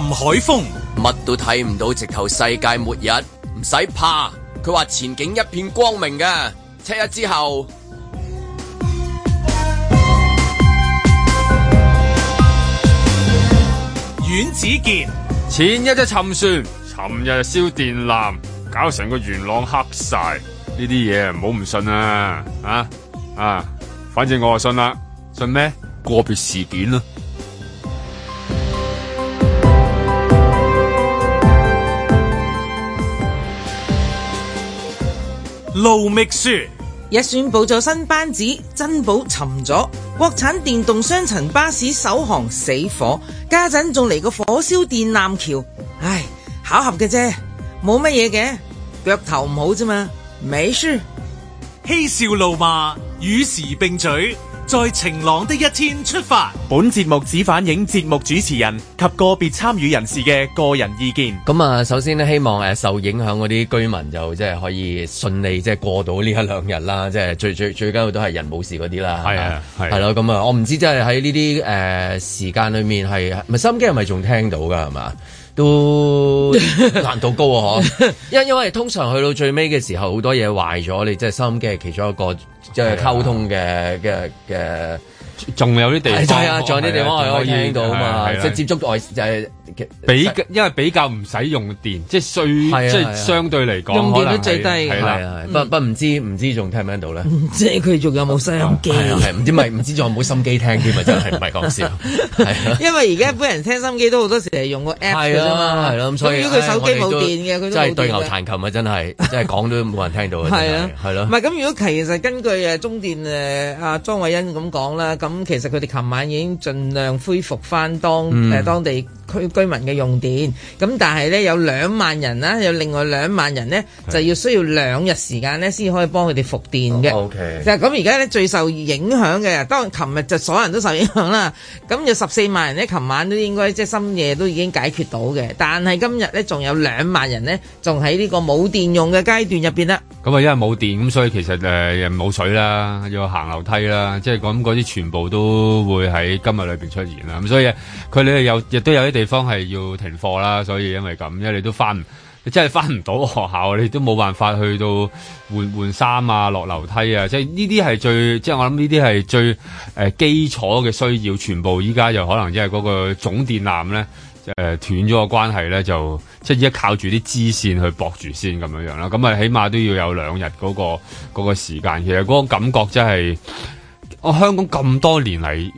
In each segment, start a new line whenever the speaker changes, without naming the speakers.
林海峰乜都睇
唔到，直頭世界末日唔使怕，佢話前景一片光明嘅。七日之後。
阮子健前一日沉船，尋日燒電纜，搞成個元朗黑晒，呢啲嘢唔好唔信啊！啊啊，反正我就信啦，信咩？個別事件啦、啊。
路秘書一宣佈咗新班子。珍寶沉咗，國產電動雙層巴士首航死火，家陣仲嚟個火燒電纜橋。唉，巧合嘅啫，冇乜嘢嘅，腳頭唔好啫嘛。美書
嬉笑怒罵，與時並舉。在晴朗的一天出發。本節目只反映節目主持人及個別參與人士嘅個人意見。咁
啊，首先呢，希望誒、呃、受影響嗰啲居民就即係可以順利即係過到呢一兩日啦。即係最最最緊要都係人冇事嗰啲啦。係啊，係啊，係咯。咁啊，啊嗯、我唔知即係喺呢啲誒時間裏面係，咪收音機係咪仲聽到噶？係嘛，都， 都難度高啊！嗬，因因為通常去到最尾嘅時候，好多嘢壞咗，你即係收音機係其中一個。即係溝通嘅嘅嘅。仲有啲地方係啊，仲有啲地方可以、啊啊、聽到啊嘛，即係、就是、接觸外誒，比、啊啊、因
為比較唔使用，用電，即係需即係相對嚟講、啊啊、用電都最低嘅。係啦、啊啊嗯啊，不、嗯、不唔知唔知
仲聽唔聽到咧？即係佢仲有冇收音機？係 唔、啊啊啊、 知咪唔知仲有冇心機聽啲咪真係唔係講笑、，
啊？因為而家一般人聽心機都好多時係用個 app 㗎啫嘛，係咯、啊。咁所以佢手機冇電嘅真係對牛彈
琴啊！真係真係講都冇人聽到啊！係啊，係咯。唔係
咁，如果其實根據誒中電誒阿莊偉恩咁講啦。咁其實佢哋琴晚已經盡量恢復翻當誒、嗯、當地區居民嘅用電，咁但係咧有兩萬人啦，有另外兩萬人咧就要需要兩日時間咧先可以幫佢哋復電嘅。OK，就係咁。而家咧最受影響嘅，當然琴日就所有人都受影響啦。咁有十四萬人咧，琴晚都應該即係深夜都已經解決到嘅，但係今日咧仲有兩萬人咧，仲喺呢個冇電用嘅階段入邊啦。
咁啊，因為冇電，咁所以其實誒又冇水啦，要行樓梯啦，即係咁嗰啲全部都會喺今日裏邊出現啦。咁所以佢哋又亦都有一定。地方係要停課啦，所以因為咁，因為你都返，你真係返唔到學校，你都冇辦法去到換換衫啊、落樓梯啊，即係呢啲係最，即係我諗呢啲係最誒、呃、基礎嘅需要。全部依家就可能即係嗰個總電纜咧誒、呃、斷咗個關係咧，就即係依家靠住啲支線去駁住先咁樣樣啦。咁啊，起碼都要有兩日嗰、那個嗰、那個時間。其實嗰個感覺真係我香港咁多年嚟。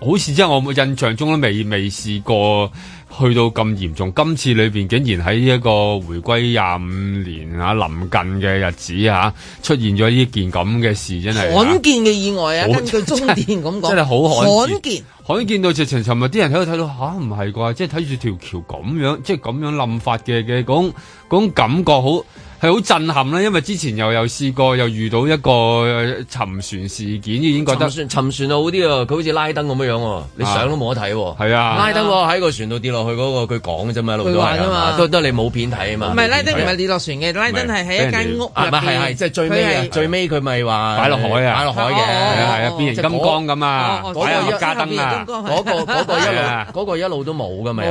好似真係我印象中都未未試過去到咁嚴重，今次裏邊竟然喺一個回歸廿五年啊臨近嘅日子啊，出現咗呢件咁嘅事，真係罕
見嘅意外啊！根據中電咁講，真係好罕、罕見，
罕見到直情尋日啲人喺度睇到吓，唔係啩？即係睇住條橋咁樣，即係咁樣冧法嘅嘅，嗰嗰種、種感覺好。係好震撼啦！因為之前又又試過，又遇到一個沉船事件，已經覺得沉、
沉船沉好啲啊！佢好似拉登咁樣樣，你相都冇得睇喎。係啊，拉登喺，啊、個船度跌落去嗰、嗰個，佢講嘅啫嘛，嘛一路都係啊，都都你冇片睇啊嘛。唔係拉登唔係
跌落船嘅，拉登係喺一間屋。啊嘛係係，
即係最尾最尾佢咪話擺落海啊，擺落海嘅係、哦哦、啊，變形金剛咁、哦、啊，嗰、嗰個加登、嗰個嗰個嗰個、啊，嗰、嗰個嗰、嗰個一路嗰 個、一 個一路都冇噶嘛。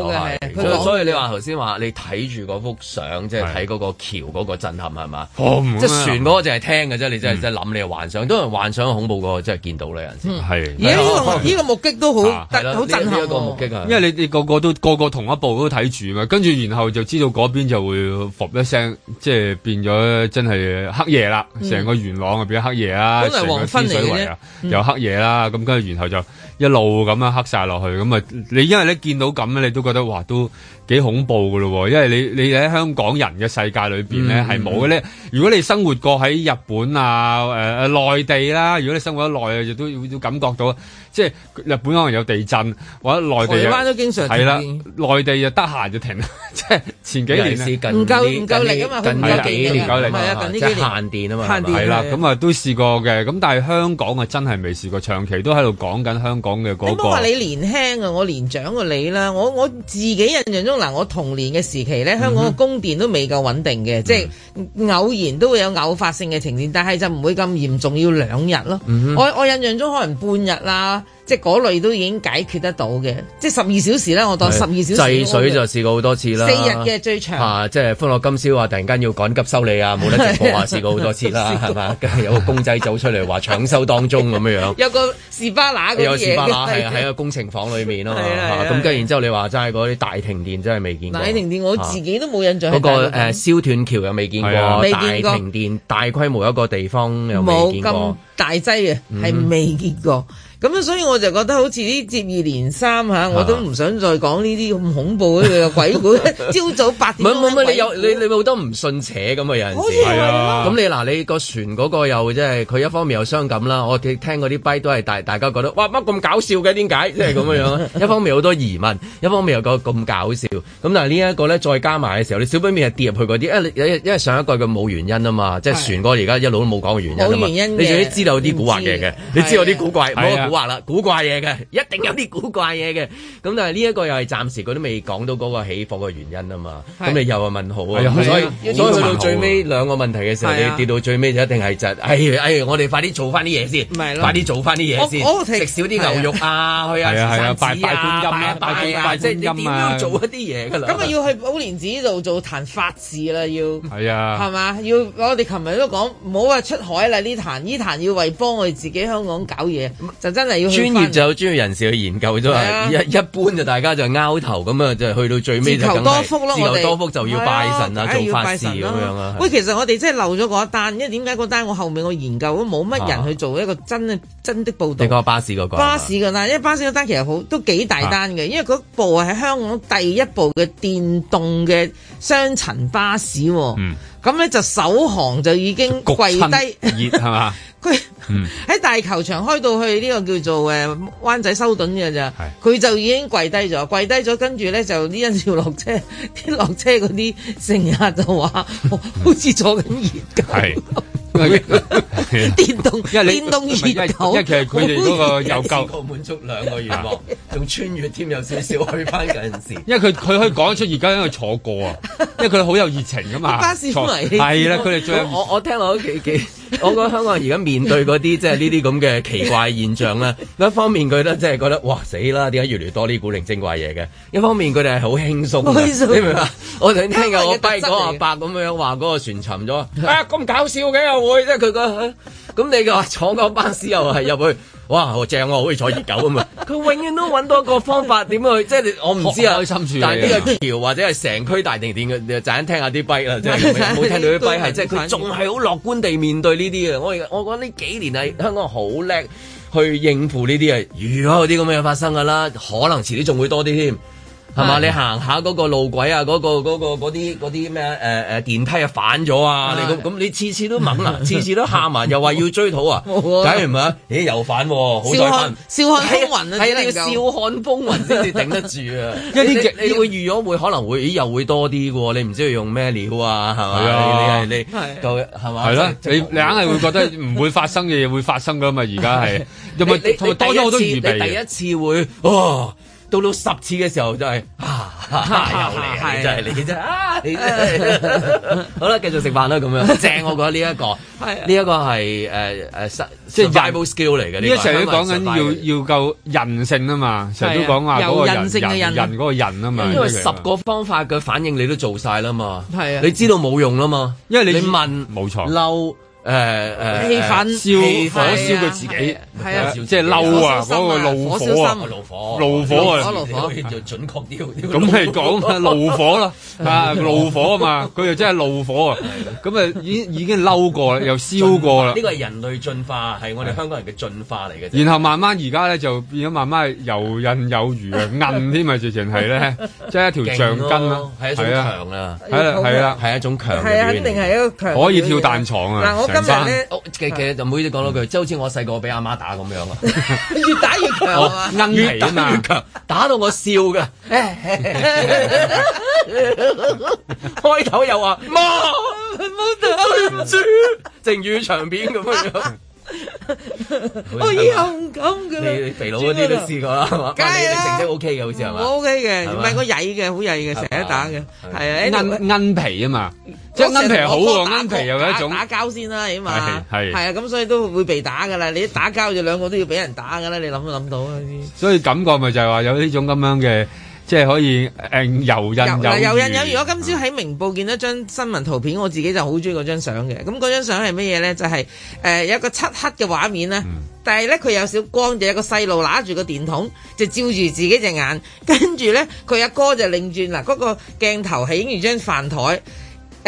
所以你話頭先話你睇住嗰幅相，即係睇嗰個橋嗰個。震撼係嘛、哦啊？即係船嗰個淨係聽嘅啫，你真係
真諗，嗯、你又幻想，都係幻想恐怖過，真係見到啦、嗯、有
陣時。係。依、呢個依、
呢個目擊都好，好震撼。一、呢個呢個、目擊
啊，因
為你哋個個都個個同一部都睇住嘛，跟住然後就知道嗰邊就會伏一聲，即係變咗真係黑夜啦，成、嗯、個元朗啊變咗黑夜啊，成個天水圍啊，又黑夜啦，咁跟住然後就。一路咁樣黑晒落去，咁啊你因為咧見到咁你都覺得哇都幾恐怖噶咯喎！因為你你喺香港人嘅世界裏邊咧係冇嘅咧。如果你生活過喺日本啊誒、呃、內地啦，如果你生活得耐啊，就都都感覺到即係日本可能有地震或者內地台灣都經常係啦，內地就得閒就停，即係前幾年唔夠唔夠力啊嘛，近幾年唔係係限電啊嘛，係啦，咁啊都試過嘅，咁但係香港啊真係未試過長期都喺度講緊香港。咁我話你
年輕啊，我年長過你啦。我我自己印象中嗱，我童年嘅時期咧，香港嘅供電都未夠穩定嘅、嗯，即係偶然都會有偶發性嘅停電，但係就唔會咁嚴重，要兩日咯。嗯、我我印象中可能半日啦。即係嗰類都已經解決得到嘅，即係十二小時咧，我當十二小時。制水就
試過好多次啦。四日嘅最長。即係歡樂今宵話突然間要趕急收你啊，冇得直播，話試過好多次啦，係嘛？ 有個公仔走出嚟話搶修當中咁 樣
有個士巴拿，嘅嘢。有士巴拿，係喺
個工程房裏面咯。咁跟住然之後你話齋嗰啲大停電真係未見過。大、那個、停電我自
己都冇印象。嗰、啊那個
誒燒斷橋又未見過，大停電大規模一個地方又未見過。
大劑嘅係未見過。咁樣，所以我就覺得好似啲接二連三嚇、啊，我都唔想再講呢啲咁恐怖嘅鬼故。 朝早八點。你有你你
咪好多唔信邪咁嘅人。好咁你嗱，你個船嗰個又即係佢一方面又傷感啦。我聽嗰啲碑都係大大家覺得哇乜咁搞笑嘅？點解即係咁樣樣？ 一方面好多疑問，一方面又覺得咁搞笑。咁但係呢一個呢，再加埋嘅時候，你小方面係跌入去嗰啲、哎、因為上一個佢冇原因啊嘛，即、就、係、是、船哥而家一路都冇講原因，冇原因，你知道啲古惑嘢嘅，你知道啲古怪。古怪啦，古怪嘢嘅，一定有啲古怪嘢嘅。咁但係呢一個又係暫時佢都未講到嗰個起火嘅原因啊嘛。咁你又係問號、啊、所以、啊、所以去到最尾兩個問題嘅時候，啊、你跌到最尾就一定係窒、啊。哎哎，我哋快啲做翻啲嘢先，快啲做翻啲嘢先。食少啲牛肉啊，係啊，係啊，
啊，啊，啊，啊，啊，拜拜觀音啊，拜拜即係、啊啊啊啊啊、你點都要做一啲嘢㗎啦。咁啊要去寶蓮寺度做壇法事啦，要係啊，係嘛？要我哋琴日都講，唔好話出海啦，呢壇呢壇要為幫我哋自己香港搞嘢。真係要專業
就有專業人士去研究，都、啊、一一般就大家就拗頭咁啊，就去到最尾就梗係。自求多福咯，我哋自求多福就要拜神啊，做法事咁樣啊。喂，其實
我哋真係漏咗嗰一單，因為點解嗰單我後面我研究都冇乜人去做一個真嘅、啊、真的報道。你講
巴士嗰個？巴
士嘅啦，因為巴士嗰單其實好都幾大單嘅、啊，因為嗰部係香港第一部嘅電動嘅雙層巴士喎。嗯咁咧就首航就已經跪低熱係嘛？佢 喺大球場開到去呢個叫做誒灣仔修頓嘅咋，佢就已經跪低咗，跪低咗，跟住咧就啲人要落車，啲落車嗰啲乘客就話好似坐緊熱
狗。 是的
電動，因
為電動因為其實佢哋嗰個又夠，滿足兩個願望，仲穿越添，有少少去返嗰陣時。
因為佢佢可以講出而家喺度坐過啊，因為佢哋好有熱情㗎嘛，巴士迷係啦，佢哋最我
我聽我屋企嘅。 我覺得香港人而家面對嗰啲即係呢啲咁嘅奇怪現象咧， 一方面佢都即係覺得哇，死啦，點解越嚟越多呢啲古靈精怪嘢嘅？一方面佢哋係好輕鬆嘅，你明嘛？我最近聽緊 我低講阿伯咁樣話嗰個船沉咗，啊 咁、哎、搞笑嘅又會，即係佢個。咁你個坐嗰班司又係入去，哇好正啊，好似坐熱狗咁啊！佢 永遠都揾到個方法點樣去，即係我唔知啊。開 心但係呢個橋 或者係成區大停電嘅，就陣聽，聽下啲碑啦，即係冇聽到啲碑 即係佢仲係好樂觀地面對呢啲嘅。我而我覺得呢幾年係香港好叻去應付呢啲嘅。如果有啲咁嘅嘢發生㗎啦，可能遲啲仲會多啲添。係嘛？你行下嗰個路軌啊，嗰、那個嗰、那個嗰啲嗰啲咩誒誒電梯啊反咗啊！咁咁你次次都掹啦，次 次都喊埋、啊，又話要追討啊！假如唔 係、那個、啊？咦又反？好睇翻。
笑看風雲啊！係啊，要笑看風雲先至
頂得住啊！ 一啲劇你，你，你會預咗會可能會又會多啲嘅，你唔
知佢用咩料啊？係嘛、啊？你你你你
係嘛？係啦，
你、啊、你硬係會覺得唔會發生嘅嘢 會發生噶嘛？而家係又咪多咗好多你第一次？你第一
次會哦。到到十次嘅時候就係、是、啊又嚟啊真係、啊啊啊啊啊、你啫，就是、啊好啦繼續食飯啦咁樣 正我覺得呢、這、一個呢一、啊這個係誒
誒即係 survival skill 嚟嘅，成日都講緊要要夠人性啊嘛，成日都講話嗰個人，有人性嘅人，人個人啊嘛，因為十個方法嘅反應你都做晒啦
嘛。係啊，你知道冇用啦嘛，因為你，你問冇錯嬲。誒、啊、誒、啊，燒火燒佢自己，係啊，啊，即係嬲啊，嗰、啊那個怒火啊，怒火、
啊，怒火啊，要、啊啊
啊、準確啲。咁你講啊，怒火啦、啊，嚇怒火啊嘛，
佢又真係怒火啊。咁 啊，已已經嬲過啦， 又燒過啦。呢個係
人類進化，係、啊、我哋香港人嘅進化嚟嘅、啊。然後
慢慢而家咧就變咗慢慢游刃有餘 啊，韌添啊，直情係咧，即係一條橡筋咯，係一種強啊，係啦係啦，一，啊、一種強嘅。一定
係一個強。可以跳彈
床啊！咁咧，其、嗯、
其實就唔好意思講多句，即係好似我細個俾阿媽打咁樣啊、 哦，越打越強硬、哦、越打越強，打到我笑噶，開 頭又話媽唔好打，對唔住，靜語長片咁樣。我 以後
唔敢㗎喇，你肥佬嗰啲都試過
啦，係、OK 那個 anyway，嘛？你成績 OK 嘅好似係嘛？我 OK 嘅，唔係我
曳嘅，好曳嘅，成日打嘅，係啊，韌
皮啊嘛，即係韌皮好喎，韌皮又一種打
交先啦，起碼係係啊，咁所以都會被打噶啦，你一打交就兩個都要俾人打噶啦，你諗都諗到啊。
所以感覺咪就係話有呢種咁樣嘅。即係可以誒油印油油印有，如
果今朝喺明報見到張新聞圖片，啊，我自己就好中意嗰張相嘅。咁嗰張相係乜嘢咧？就係、是、誒、呃、有一個漆黑嘅畫面啦，嗯，但係咧佢有少光，就有一個細路拿住個電筒，就照住自己隻眼，跟住咧佢阿哥就擰轉嗱，嗰、那個鏡頭係影住張飯台。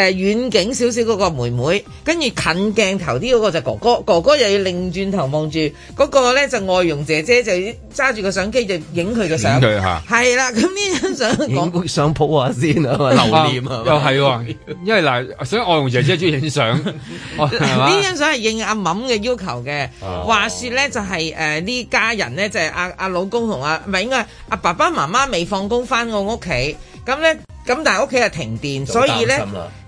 誒遠景少少嗰個妹妹，跟住近鏡頭啲嗰個就哥哥，哥哥又要擰轉頭望住嗰個咧，就外傭姐姐就揸住個相機就影佢個相。對吓，係啦。咁呢張相
講相鋪下先啊 留念啊。又係喎，
因為嗱，所以外傭姐姐中意影相。呢張
相係應阿敏嘅要求嘅。Oh. 話說咧就係誒呢家人咧就係阿阿老公同阿唔係應該阿、啊、爸爸媽媽未放工翻我屋企，咁咧。咁但係屋企係停電，所以呢，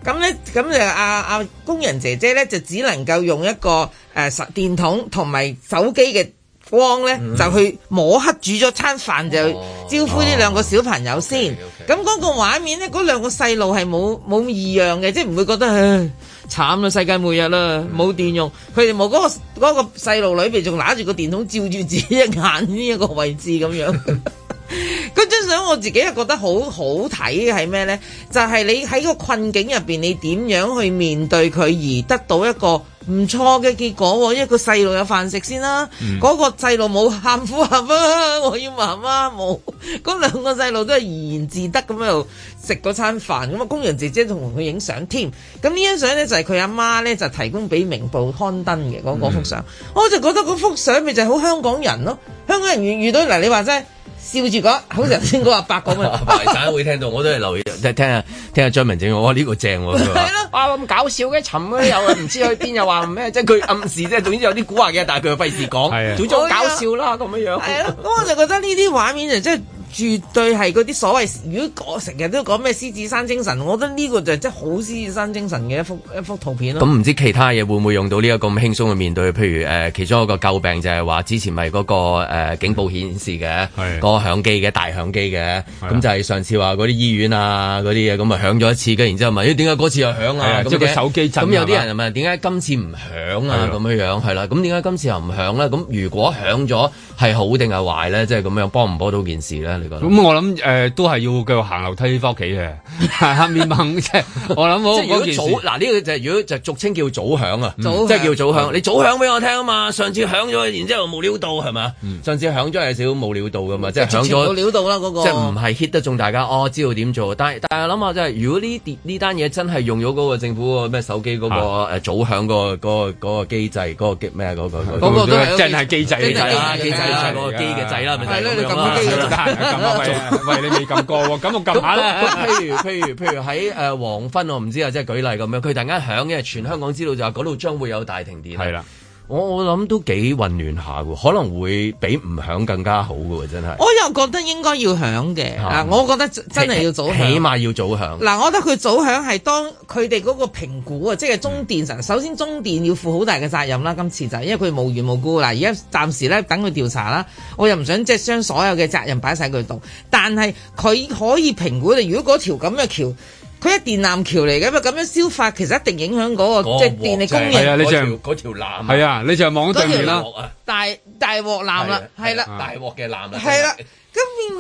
咁呢咁就阿阿工人姐姐呢，就只能夠用一個誒手、啊、電筒同埋手機嘅光呢、嗯，就去摸黑煮咗餐飯就去招呼呢、哦、兩個小朋友先。咁、哦、嗰、okay, okay 嗰個畫面呢，嗰兩個細路係冇冇異樣嘅，即係唔會覺得唉慘啦，世界末日啦，冇、嗯、電用。佢哋冇嗰個嗰、嗰個細路女，仲拿住個電筒照住自己一眼呢一個位置咁樣。 嗰張相我自己又覺得好好睇，係咩呢？就係、是、你喺個困境入邊，你點樣去面對佢而得到一個唔錯嘅結果？因為個細路有飯食先啦。嗰、嗯，那個細路冇喊苦喊啊，我要媽媽冇。嗰兩個細路都係怡然自得咁喺度食嗰餐飯。咁啊，工人姐姐同佢影相添。咁呢張相呢，就係佢阿媽呢，就提供俾明報刊登嘅嗰幅相。我就覺得嗰幅相咪就好香港人咯。香港人遇遇到嗱，你話齋。笑住講，好似頭先阿伯講咁，
大家都會聽到，我都係留意， 聽係聽下聽下張文正，我呢、呢個正喎、啊，係 咯，
哇咁、啊、搞笑嘅，尋嗰又唔知去邊又話唔咩， 即係佢暗示即
係總之有啲古惑嘅，但係佢費事講，做咗好搞
笑啦咁樣樣，係咯，咁我就覺得呢啲畫面就即係。 絕對係嗰啲所謂，如果我成日都講咩獅子山精神，我覺得呢個就真係好獅子山精神嘅一幅一幅圖片咯。咁唔知
其他嘢會唔會用到呢一個咁輕鬆去面對？譬如誒、呃，其中一個詬病就係話，之前咪嗰、嗰個、呃、警報顯示嘅，嗰個響機嘅大響機嘅，咁就係上次話嗰啲醫院啊嗰啲嘢，咁咪響咗一次，跟住之後問，咦點解嗰次又響啊？即係個手機震啊咁有啲人問，點解今次唔響啊？咁樣樣係啦，咁點解今次又唔響咧？咁如果響咗係好定係壞咧？即係咁樣幫唔幫到
件事咧？咁我諗誒、呃，都係要繼續行樓梯翻屋企嘅，係吓面懵、 就是、即係我諗我即係如果早嗱呢、呢個就係、是、如果就俗稱叫早響啊、嗯，即係叫早響、嗯。你早響
俾我聽啊嘛，上次響咗，然之後冇料到係嘛？上次響咗係少少冇料到噶嘛，即係響咗冇料到啦嗰個，即係唔係 hit 得中大家哦，知道點做？但但係諗下即係如果呢呢單嘢真係用咗嗰個政府機、嗰個咩手機嗰個誒早響個、嗰個機、嗰個機、嗰個嗰個嗰個、制嗰、嗰個咩嗰、嗰個嗰個真係機制嗰個機嘅制啦，咁啊，喂，喂，你未撳過喎，咁 我撳下啦。譬 如譬如譬如喺誒黃昏，我唔知啊，即係舉例咁樣，佢突然間響嘅，全香港知道就話嗰度將會有大停電。係啦。我我諗都幾混亂下喎，可能會比唔響更加好嘅，真係。我
又覺得應該要響嘅，我覺得真係要早響，起碼要早響。嗱，我覺得佢早響係當佢哋嗰個評估啊，即係中電神、嗯，首先中電要負好大嘅責任啦，今次就係因為佢無緣無故啦，而家暫時咧等佢調查啦，我又唔想即係將所有嘅責任擺晒佢度，但係佢可以評估你，如果嗰條咁嘅橋。佢係電纜橋嚟嘅，嘛咁樣消化其實一定影響嗰、嗰個、嗰個就係、即係電力工業嗰、就係、條嗰
條，條纜、啊，係啊，你就係望到對面啦，
大大鑊纜啦，係啦、啊啊啊啊啊，大鑊
嘅纜
啦，
啦、啊。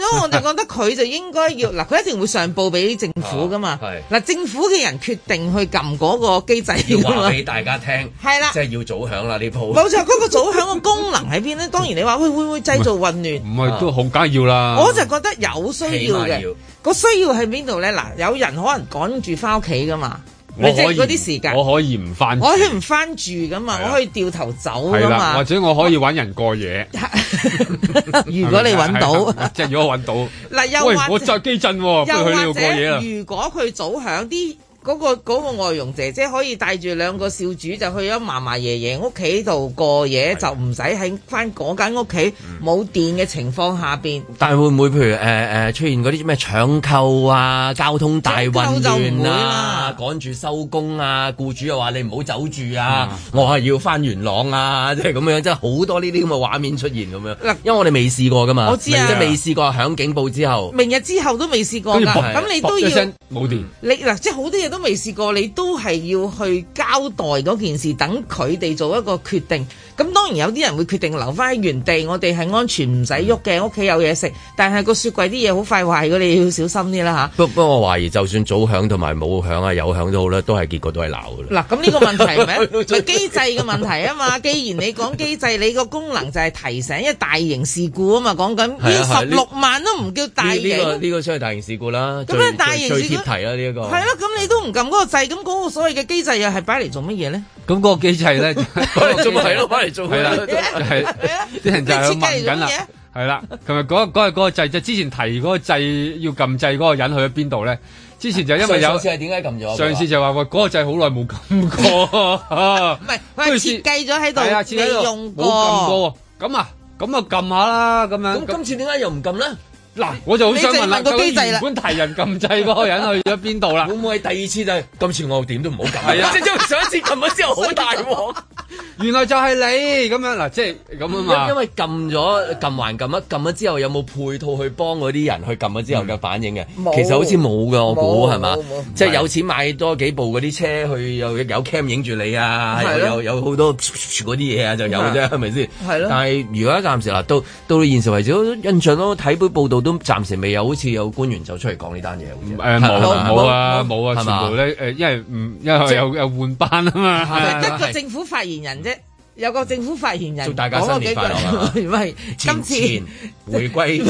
咁我就覺得佢就應該要嗱，佢 一定會上報俾政府噶嘛。嗱、啊，政府嘅人決定去撳嗰個機制嘛。話俾
大家聽，係啦，即係要早響啦呢鋪。冇錯，
嗰、嗰個早響嘅功能喺邊咧？ 當然你話會唔會製造混亂，唔係都
好，梗要啦。我就覺
得有需要嘅，要嗰個需要喺邊度咧？嗱，有人可能趕住翻屋企噶嘛。我可以即係嗰啲時間，我
可以唔翻，我可以唔
翻住噶嘛、啊，我可以掉頭走噶嘛、啊，或者
我可以揾人過夜、啊 是是啊、 過夜。如果你搵到，即係如果搵到，嗱又或者我再機震，過夜啦，如
果佢早響啲。嗰、那個嗰、那個、外傭姐姐可以帶住兩個少主就去咗嫲嫲爺爺屋企度過夜，就唔使喺翻嗰間屋企冇電嘅情況下邊。但係
會唔會譬如、呃、出現嗰啲咩搶購啊、交通大混亂啊、就趕住收工啊、僱主又話你唔好走住啊，嗯、我係要翻元朗啊，即係咁樣，即係好多呢啲咁嘅畫面出現咁樣。嗱，因為我哋未試過㗎嘛，我知啊，即係未試過響警報之後，
明日之後都未試過。咁你都要冇電你嗱，即係好多嘢。都未試過，你都係要去交代嗰件事，等佢哋做一個決定。咁當然有啲人會決定留翻喺原地，我哋係安全唔使喐嘅，屋、嗯、企有嘢食。但係個雪櫃啲嘢好快壞嘅，你要小心啲啦嚇。
不、啊、不過我懷疑，就算早響同埋冇響啊，有響都好啦，都係結果都係鬧嘅啦。
嗱、啊，咁呢個問題係咪？咪 機制嘅問題啊嘛。既然你講機制， 你個功能就係提醒，因為大型事故啊嘛，講緊呢十六萬都唔叫大型。呢、 這個呢、這
個算係、這個、大型事故啦。咁大型事故最貼題啦，呢、這、一個。咯、
啊，咁你都唔撳嗰個掣，咁嗰個所謂嘅機制又係擺嚟做乜嘢咧？
咁嗰個機制咧，
那那係啦，係、
就、啲、是、人就問緊啦，係啦，嗰、 嗰個嗰個掣就之前提嗰個掣要撳掣嗰個人去咗邊度咧？之前就因為有上次係
點解撳咗？上次
就話喂，嗰、嗰個掣好耐冇撳過，唔
係喂，設計咗喺度，係啊，設計用過，冇撳過，
咁啊，咁啊撳下啦，咁樣。咁今次點解又唔撳咧？嗱，我就好想問啦，究竟原本大人撳掣嗰個人去咗邊度啦？ 會唔會第二次就係、是、 今次我點都唔好撳？係 啊，即
係上一次撳咗之後好大鑊。
原來就係
你咁樣嗱，即係咁啊嘛。因為撳咗撳還撳啊，撳咗之後有冇配套去幫嗰啲人去撳咗之後嘅反應嘅、嗯？其實好似冇㗎，我估係嘛？即係、就是、有錢買多幾部嗰啲車去有有 cam 影住你啊，有有好多嗰啲嘢啊，就有啫，係咪先？係咯。但係如果一暫時嗱，到到現時為止，印象都睇杯報道。都暫時未有，好似有官員走出嚟講呢單嘢。誒冇冇啊冇啊是，全部咧
誒，因為唔因為有、就是、有，有換班啊嘛，是是
一個政府發言人啫，有個政府發言人。祝大家新年快樂啊！今次回歸，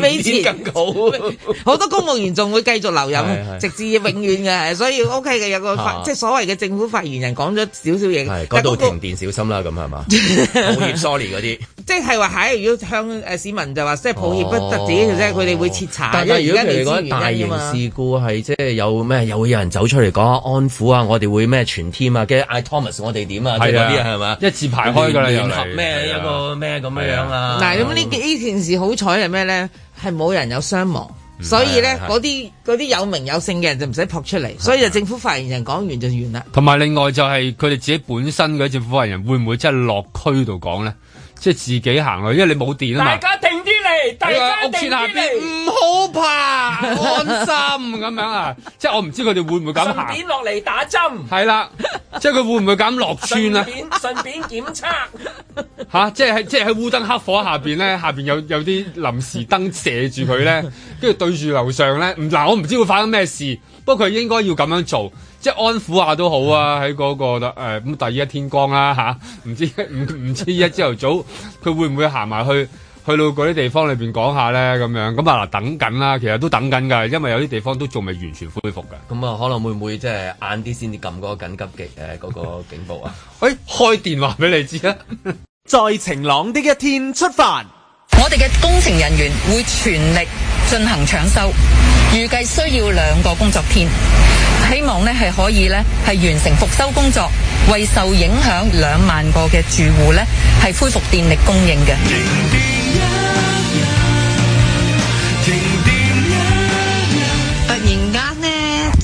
每年更好。好 明前 明前 多公務員仲會繼續留任，直至永遠嘅， 所以 OK 嘅有個發，啊、即係所謂嘅政府發言人講咗少少嘢。嗰度、那個、停
電，小心啦，咁係嘛？抱 歉，sorry 嗰啲。
即係話喺，如果向市民就話，即係抱歉不得已，即佢哋會徹查。但係如果大型事
故係即係有咩，又會有人走出嚟講安撫啊，我哋會咩全天啊，跟住嗌 Thomas，我哋點啊？係啊，啲係咪一字排開㗎啦，聯咩、啊、一個咩咁樣樣、啊、啦。但咁呢
呢件事好彩係咩咧？係冇人有傷亡，啊、所以咧嗰啲嗰啲有名有姓嘅人就唔使撲出嚟、啊，所以就政府發言人講完就完啦。
同埋另外就係佢哋自己本身嘅政府發言人會唔會真係落區度講咧？即係自己行去，因為你冇電啊嘛。大
家停啲嚟，大家停啲嚟。屋下
邊唔好怕， 安心咁樣啊！即係我唔知佢哋會唔會咁行。順便落嚟打針。係啦，即係佢會唔會咁落邨啊？順
便順便檢測 即
係喺即係喺烏燈黑火下面咧，下面有有啲臨時燈射住佢咧，跟住對住樓上咧，嗱我唔知會發生咩事，不過佢應該要咁樣做。即係安撫下都好啊，喺嗰、嗰個誒咁第一天光啦吓，唔知唔唔知一朝頭早佢會唔會行埋去去到嗰啲地方裏邊講下咧咁樣，咁啊嗱等緊啦，其實都等緊噶，因為有啲地方都仲未完全恢復噶。咁、嗯、啊，可能會唔
會即係晏啲先至撳個緊急嘅誒嗰個警報啊？喂
欸，開電話俾你知啦，
在晴朗的一天出發。我哋嘅工程人員會全力進行搶修，預計需要兩個工作天，希望呢係可以呢係完成復修工作，為受影響兩萬個嘅住
戶呢係恢復電力供應嘅。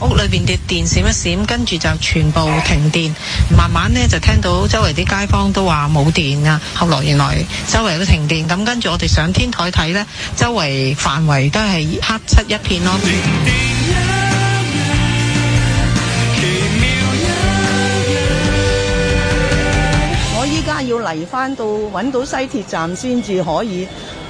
屋裏邊啲電閃一閃，跟住就全部停電，慢慢呢，就聽到周圍啲街坊都話冇電啊。後來原來周圍都停電，咁跟住我哋上天台睇呢，周圍範圍都係黑漆一片咯。我依家要嚟返到揾到西鐵站先至可以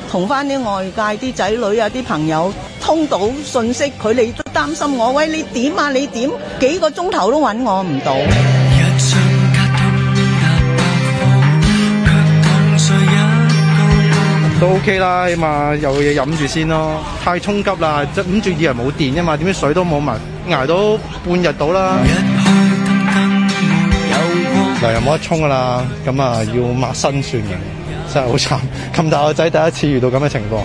同返啲外界啲仔女啊、啲朋友。通到信息，佢哋都擔心我。喂，你點啊？你點？
幾個鐘頭都揾我唔到。都 OK 啦，起碼有嘢飲住先咯。太沖急啦，諗住二人冇電啫嘛，點解水都冇埋，挨到半日到啦。嗱又冇得沖噶啦，咁啊要抹身算啦，真係好慘。咁大個仔第一次遇到咁嘅情況。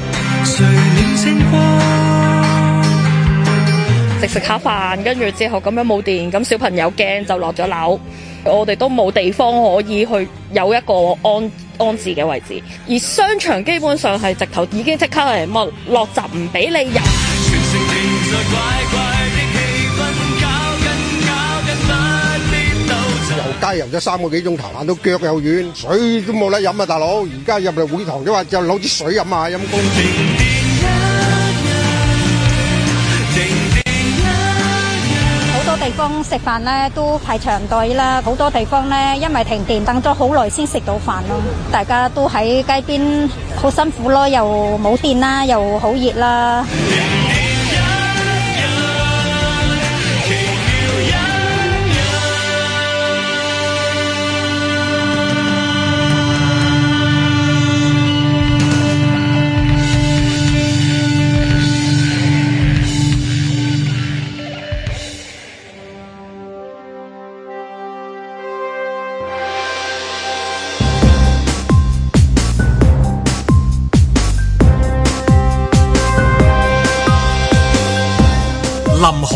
食食下飯，跟住之後咁樣冇電，咁小朋友驚就落咗樓。我哋都冇地方可以去，有一個安安置嘅位置。而商場基本上係直頭已經即刻係乜落閘唔俾你入。遊街遊咗三個幾鐘頭，行到腳又軟，水都冇得飲啊！大佬，而家入嚟會堂嘅話就，就攞支水飲下，飲功。
地方食飯咧都排長隊啦，好多地方咧因為停電等咗好耐先食
到飯咯，大家都喺街邊好辛苦咯，又冇電啦，又好熱啦。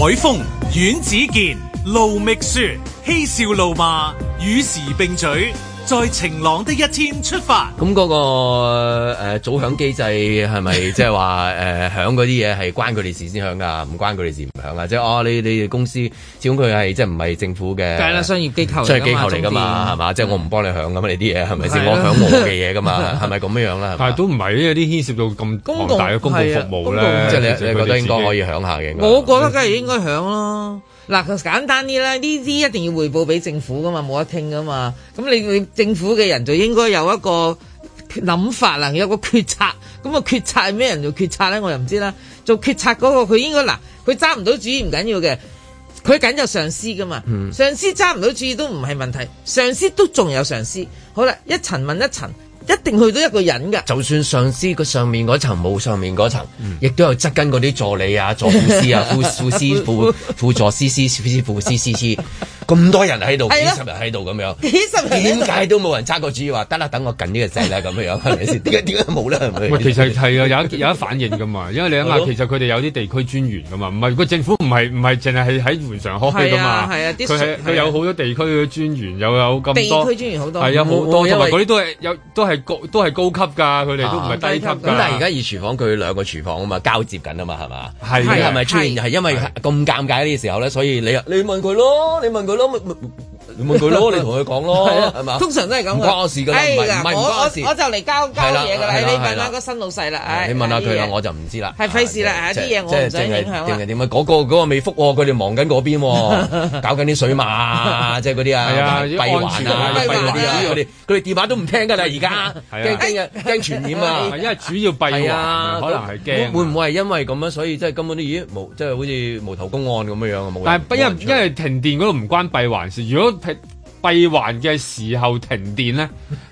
海峰，阮子健，盧覓雪，嬉笑怒罵。與時並取，在晴朗的一天出發。
咁嗰、那個誒、呃、早響機制係咪即係話誒響嗰啲嘢係關佢哋事先響噶，唔關佢哋事唔響、就是、啊？即係哦，你哋公司，始終佢係即係唔係政府嘅，係啦，
商業機構，商業機構嚟噶嘛，係
嘛？即係、就是、我唔幫你響咁、嗯、啊，你啲嘢係咪先？我響我嘅嘢噶嘛，係咪
咁樣樣啦？但係都唔係，呢啲牽涉到咁龐
大嘅公共
服務咧，即係、啊就是、你你覺得應該可以響下嘅。我覺得梗係
應該響咯。 嗱，簡單啲啦，呢啲一定要匯報俾政府噶嘛，冇得聽噶嘛。咁你政府嘅人就應該有一個諗法啦，有一個決策。咁啊，決策係咩人做決策咧？我又唔知啦。做決策嗰個佢應該嗱，佢揸唔到主意唔緊要嘅，佢緊有上司噶嘛、嗯。上司揸唔到主意都唔係問題，上司都仲有上司。好啦，一層問一層。
一定去到一個人㗎，就算上司個上面嗰層冇上面嗰層，亦、嗯、都有側跟嗰啲助理啊、助副師啊、副師副、副助師師、師師副師師副師，師。咁多人喺度、啊，幾十人喺度咁樣，幾十點解都冇人揸個主意話，
得 啦，等我近啲嘅掣啦咁樣，係咪先？點解點解冇咧？係咪？其實係啊，有 有一反應噶嘛， 因為你諗下， 其實佢哋有啲地區專員噶嘛，唔係佢政府唔係唔係淨係喺門常開噶嘛，佢、啊啊啊啊啊、有好多地區嘅專員， 又有咁多地區專員好多，係、 哎、有好多，同埋嗰啲都係有都係高、啊、都係高級㗎，佢、啊、哋都唔係低級、啊。但係而家二廚房佢兩個廚
房啊嘛，交接緊啊嘛，係嘛？係咪出現係因為咁尷尬呢個時候咧？所以你你問佢咯，你問佢。你問佢咯，你同佢講咯，係嘛？ 通常都係咁唔關我事㗎，唔係我，我唔關我事。我就
嚟交交嘢㗎啦，你問下、個新老細啦。你問下佢啦、哎，我就唔知啦。係費事啦，啲嘢、啊、我唔想影響係
點、那個那個那個、 啊？嗰個未復喎，佢哋忙緊嗰邊喎，搞緊啲水馬，即係嗰啲啊，安全啊，閉環啲佢哋電話都唔聽㗎啦，而家驚驚啊，傳染啊。因為主要閉環，可能係驚。
會唔會係因為咁啊？所以即係根本都已經冇，即係好似無頭公案咁樣冇。但係因因為停電嗰度唔關。閉環時，如果閉閉環嘅時候停電咧，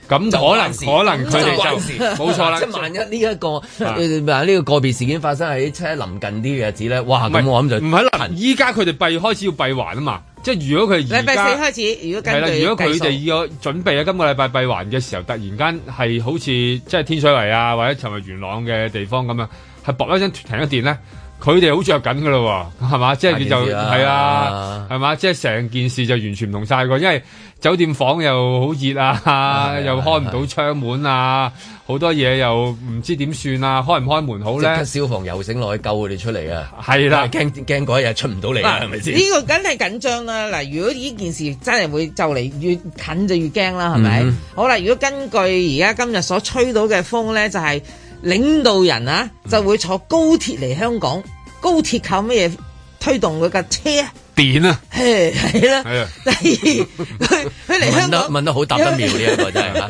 咁可能可能佢哋就冇錯啦。
即係萬一呢、
這個、 一個呢個個別事件發生喺車臨近啲嘅日子咧，哇！咁我諗就唔係啦。依家佢哋閉開始要閉環啊嘛，即係如果佢而家開
始，如果係啦，如果佢哋
要準備啊，今個禮拜閉環嘅時候突然間係好似即係天水圍啊或者尋日元朗嘅地方咁樣，係搏一張停咗電咧。佢哋好着緊噶喎，係嘛？即係就係、是、啦，係嘛？即係成件事就完全唔同晒個，因為酒店房又好熱啊，又開唔到窗門啊，好多嘢又唔知點算啊，開唔開門好咧？消防游繩落去救佢哋出嚟啊！係啦，驚驚嗰日出唔到
嚟啦，係咪先？呢、這
個梗係緊張啦！嗱，如果呢件事真係會就嚟越近就越驚啦，係咪、嗯？好啦，如果根據而家今日所吹到嘅風咧，就係、是、領導人啊就會坐高鐵嚟香港。嗯。高鐵靠乜嘢推動佢架車？電啊！係係啦，佢嚟 香
港問得好答得妙呢 真 一個就
係啦，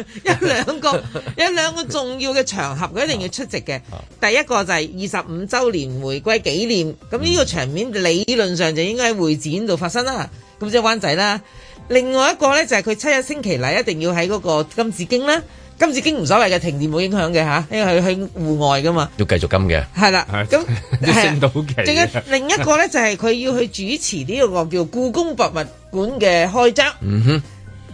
兩個有兩個重要嘅場合佢一定要出席嘅。 第一個就係二十五周年回歸紀念，咁 呢個場面理論上就應該喺會展度發生啦。咁即係灣仔啦。另外一個咧就係佢七一星期嚟一定要喺嗰個金紫荊啦。今次經唔所謂嘅停電冇影響嘅，因為佢喺戶外㗎嘛，
要繼續噉嘅。
係啦，咁
要 升到期。最另一個
咧就係、是、佢要去主持呢個叫故宮博物館嘅開張。嗯哼。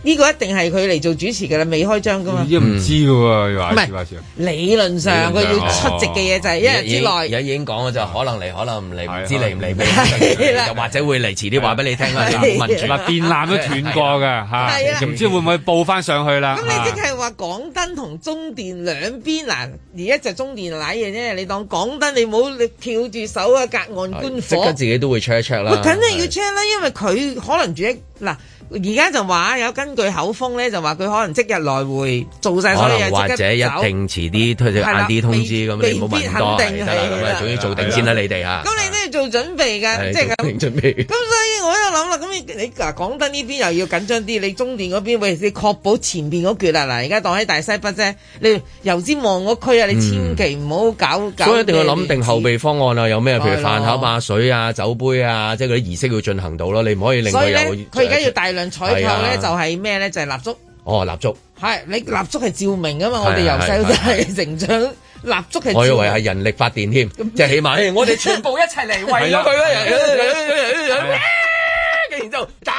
呢、這個一定係佢嚟做主持嘅啦，未開張噶嘛？唔
知嘅喎、啊，話唔係話事。
理論上佢要出席嘅嘢就係一日之內。而、哦、家、
哦哦、已，已經講咗，就可能嚟，可能唔嚟，唔知嚟唔嚟。唔、啊啊、或者會嚟遲啲，話俾你聽啦、
啊啊啊。民主嗱、啊、電纜都斷過嘅嚇，
唔、啊啊啊啊、
知會唔會報翻上去啦？咁、啊啊、你
即係話港燈同中電兩邊嗱，而家就中電嚟嘅啫，你當港燈你冇翹住手啊，隔岸觀火，即、啊、刻自己
都會 check 一 check 啦。佢肯定
要 check 啦、啊，因為佢可能住一嗱。而家就話有根據口風咧，就話佢可能即日內會做晒所有嘢，可能或者一定
遲啲推晏啲通知咁，你唔好問咁多，你得啦。咁啊，總要做定先啦，你哋啊。
做準備嘅，即係咁。
準備咁，
所以我又諗啦。咁你你嗱，港燈呢邊又要緊張啲。你中電嗰邊，喂，你確保前邊嗰橛啊嗱。而家當喺大西北啫，你油尖旺嗰區啊，你千祈唔好搞、嗯、搞。所以一定要諗定後備
方案啊！有咩譬如飯盒啊、水啊、酒杯啊，即係嗰啲儀式要進行到咯。你唔可以令到有。所以咧，佢而家要大
量採購咧，就係咩咧？就係蠟燭。哦，蠟燭。係你蠟燭係照明啊嘛，我哋由細到大成長。立足燭，我以為係
人力發電添，即、嗯、係起碼，我哋全部
一齊嚟圍咗佢咧，嘅、啊啊啊啊啊、然
之 後，打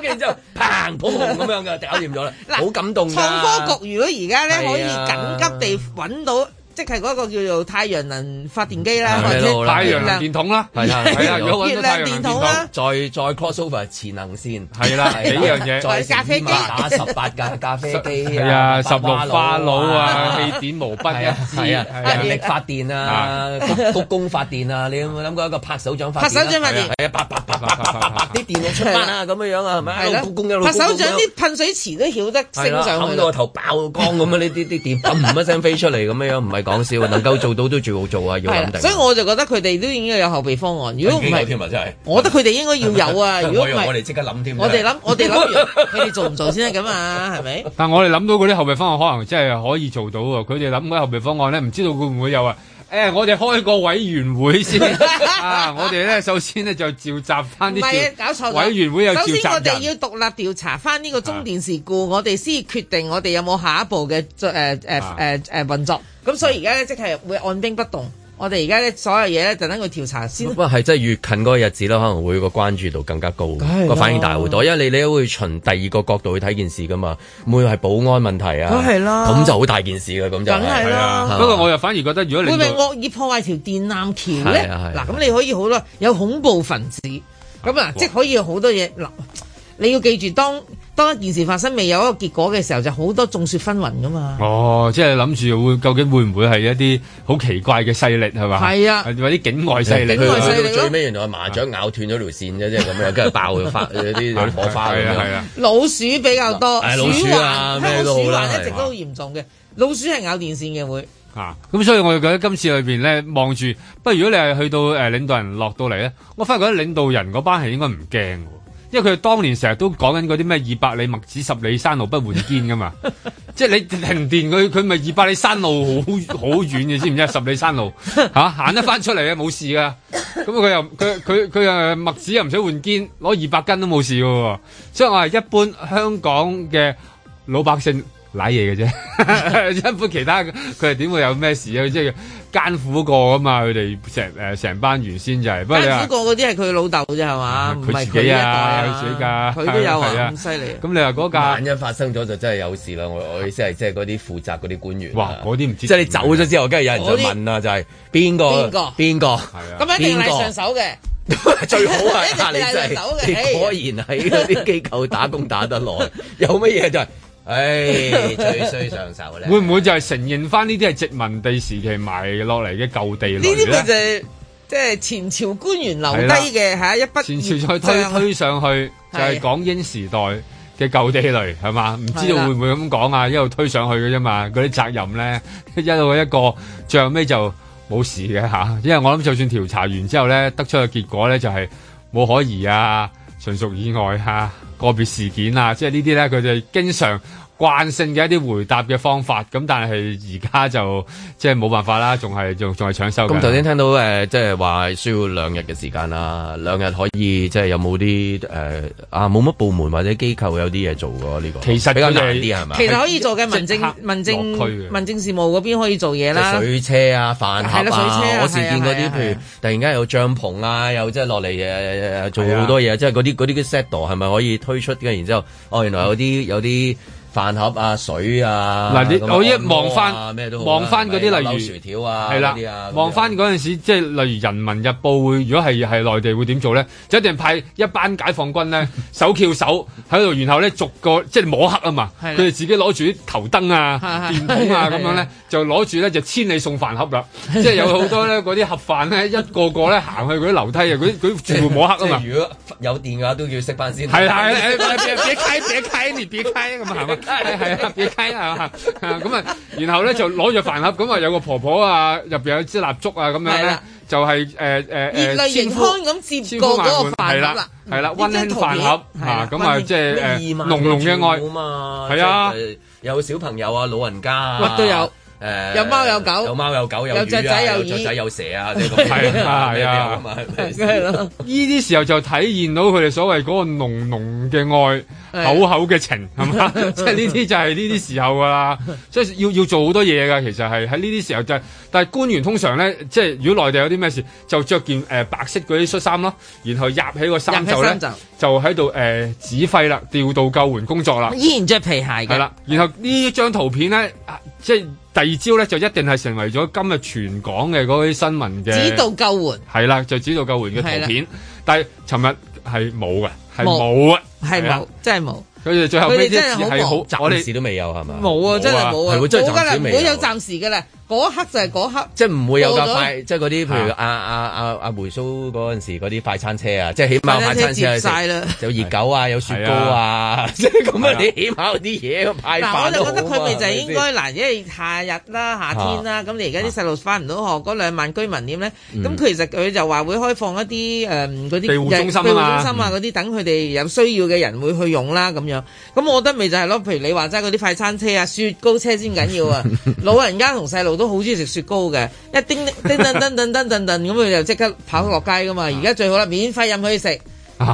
嘅然之後，砰破壺咁樣嘅，搞掂咗啦，好感動。創科局
如果而家咧，可以緊急地揾到。即係嗰個叫做太陽能發電機啦，或者是太陽能電筒啦，係啦係啦，如果搵太陽能電筒啦，月亮電筒啦，
再再 crossover 前能綫，係啦，呢樣嘢，再咖
啡機打十八架咖啡機啊，八
八啊，十六花爐啊，氣 點毛筆啊，係啊，是是是人力發電啊，鞠躬發電啊， 你有冇諗過一個拍手掌發電？係啊，啪啪啪啪啪啪啪，啲電我出翻啊，咁嘅樣啊，
係咪？係啦，拍手掌啲噴水池都曉得升上去，冚到個
頭爆光咁啊！呢啲啲電嘭一聲飛出嚟咁嘅樣，唔係。講， 笑能夠做到都最好做啊，要諗定。
所以我就覺得佢哋都應該有後備方案。如果唔係，我覺得佢哋應該要有啊。係咪？如果唔係，我哋即刻諗添。我哋諗，我哋諗完，佢 哋做唔做先得噶嘛？係咪？ 但我哋諗到嗰啲後
備方案，可能真係可以做到啊。佢哋諗嗰後備方案咧，唔知道會唔會有啊？誒、欸，我哋開個委員會先 啊！我哋咧首先咧就召集翻啲、搞錯、委員會又，首先我哋要
獨立調查翻呢個中電事故，我哋先決定我哋有冇下一步嘅誒誒誒誒運作。咁所以而家咧即係會按兵不動。我哋而家咧所有嘢咧，就等佢調查先。哇、嗯，係
即係越近嗰個日子啦，可能會個關注度更加高，個反應大好多。因為你都會循第二個角度去睇件事噶嘛，會係保安問題啊。咁啦，咁就好大件事噶咁就係。不過我
又反而覺得，如
果你、嗰個、會
唔會惡意破壞條電纜橋咧，嗱咁、啊啊、你可以好多有恐怖分子咁啊，即係可以好多嘢嗱，你要記住當。當一件事發生未有一個結果嘅時候，就好多眾說紛紜㗎嘛。
哦，即係諗住會究竟會唔會係一啲好奇怪嘅勢力係嘛？係啊，或者境外勢力。境外勢力、啊啊、最
尾原來麻將咬斷咗條線啫，即係咁樣，跟住爆咗花，
有啲火花咁啊，啊，啊，啊
老鼠比較多，老鼠啊，咩老鼠一直都好嚴重嘅、啊。老鼠係咬電線嘅會。
咁、啊、所以我哋覺得今次裏面咧望住，不過如，如果你係去到誒領導人落到嚟咧，我反而覺得領導人嗰班係應該唔驚。因為佢當年成日都講緊嗰啲咩二百里墨子十里山路不換肩噶嘛， 即係你停電佢佢咪二百里山路好好遠，嘅知唔知？十里山路吓行得翻出嚟啊，冇事噶。咁、嗯、佢又佢佢佢又墨子又唔使換肩，攞二百斤都冇事噶。所以我係一般香港嘅老百姓。瀨嘢嘅啫，一般其他佢係點會有咩事啊？佢即係艱苦過噶嘛，佢哋成誒成班原先就係艱苦過
嗰啲係佢老豆啫係嘛？佢自己啊，佢都有啊，咁犀利。
咁你話嗰架萬一發生咗就真係有事啦！我我意思係即
係嗰啲負責嗰啲官員，啊。哇！嗰啲唔知即係你走咗之後，跟住有人就問啦，就係，就係邊個邊個邊個係啊？咁一定係上
手嘅最好係歷歷上手嘅。果然喺嗰啲機
構打工打得耐， 有乜嘢就係，係。唉、哎，最衰上手咧， 會唔會就係承認翻呢啲係殖民地時期埋落嚟嘅舊地雷咧？呢啲就
即係前朝官員留低嘅吓一筆，前朝再推推
上去就係港英時代嘅舊地雷係嘛？唔知道會唔會咁講啊？一路推上去嘅啫嘛，嗰啲責任咧一路一個最後尾就冇事嘅吓，因為我諗就算調查完之後咧，得出嘅結果咧就係冇可疑啊，純屬意外啊。個別事件啊，即係呢啲咧，佢就經常。慣性嘅一啲回答嘅方法，咁但係而家就即係冇辦法啦，仲係仲仲係搶收嘅。咁頭先聽到誒、呃，即係話需要兩日嘅時間啦，兩日可以即係有冇啲誒
啊？冇乜部門或者機構有啲嘢做嘅呢、這個？其實比較難啲係咪？其實可以
做嘅民政民政民政事務嗰邊可以做嘢啦。就是、水
車啊，飯盒啊，啊我是見過啲、啊啊、譬如、啊啊、突然間有帳篷啊，又即係落嚟嘅，做好多嘢，即係嗰啲嗰啲嘅 set 係咪可以推出嘅？然之後哦，原來有啲、嗯、有啲。飯盒啊，水啊，
嗱、啊、你我一望翻
望翻嗰啲例如薯條啊，嗰啲望
翻嗰陣時即係例如《人民日報》會，如果係係內地會點做咧？就一定派一班解放軍咧 手翹手喺度，然後咧逐個即係、就是、摸黑啊嘛。佢哋自己攞住啲頭燈啊、電筒啊咁樣咧，就攞住咧就千里送飯盒啦。即 係有好多咧嗰啲盒飯咧 一個個咧行去嗰啲樓梯啊，佢佢 全部摸黑啊嘛。如果有電嘅話，都要熄翻先。係 啊， 別開別開你別開咁行啊！係啊，熱雞啊，咁啊，然後咧就攞住飯盒，咁啊有個婆婆啊，入邊有支蠟燭啊，咁樣咧就係誒誒熱淚盈眶
咁接過嗰個飯盒，嗯嗯、盒，係啦，係啦，溫馨飯盒啊，
咁啊、嗯、即係誒濃濃嘅愛啊
嘛，
係啊，有小朋友
啊，老人家啊，乜都有。誒、呃、有貓有狗，有貓有狗有雀、啊、仔有雀仔、啊、有，有蛇啊！
係啊係啊，呢啲時候就體現到佢哋所謂嗰個濃濃嘅愛、厚厚嘅情，係嘛？即係呢啲就係呢啲時候㗎啦。即 係要要做好多嘢㗎，其實係喺呢啲時候就係、是。但係官員通常咧，即、就、係、是、如果內地有啲咩事，就着件誒、呃、白色嗰啲恤衫咯，然後夾起個衫袖咧，就喺度誒指揮啦，調度救援工作啦。依然
着皮鞋㗎。係啦、嗯，
然後呢張圖片咧。即係第二朝咧，就一定係成為咗今日全港嘅嗰啲新聞嘅指導救援。係啦，就指導救援嘅圖片。但係尋日係冇嘅，係
冇啊，係冇，真係冇。佢哋最後呢，啲次係好暫時
都未有係
嘛？冇啊，啊，真係冇啊，冇嘅啦，冇有、啊、有，有
暫時嘅啦。嗰刻就係嗰刻，
即係唔會有架快，即係嗰啲譬如阿阿阿阿梅蘇嗰陣時嗰啲快餐車啊，即係起碼有快餐車有熱狗啊，有雪糕啊，即係咁樣你起碼有啲嘢派嗱、啊，我就覺得佢咪就應該
嗱，因為夏日啦、夏天啦、啊，咁、啊、你而家啲細路翻唔到學，嗰、啊、兩萬居民點咧？咁其實佢就話會開放一啲誒嗰啲庇護中心啊、嗰、啊、啲，等佢哋有需要嘅人會去用啦、啊、咁樣。咁我覺得咪就係、是、咯，譬如你話齋嗰啲快餐車啊、雪糕車先緊要啊， 老人家同細路都。都好中意食雪糕嘅，一叮叮噔噔噔噔噔噔咁，佢就即刻跑落街噶嘛。而家最好啦，免費任佢食。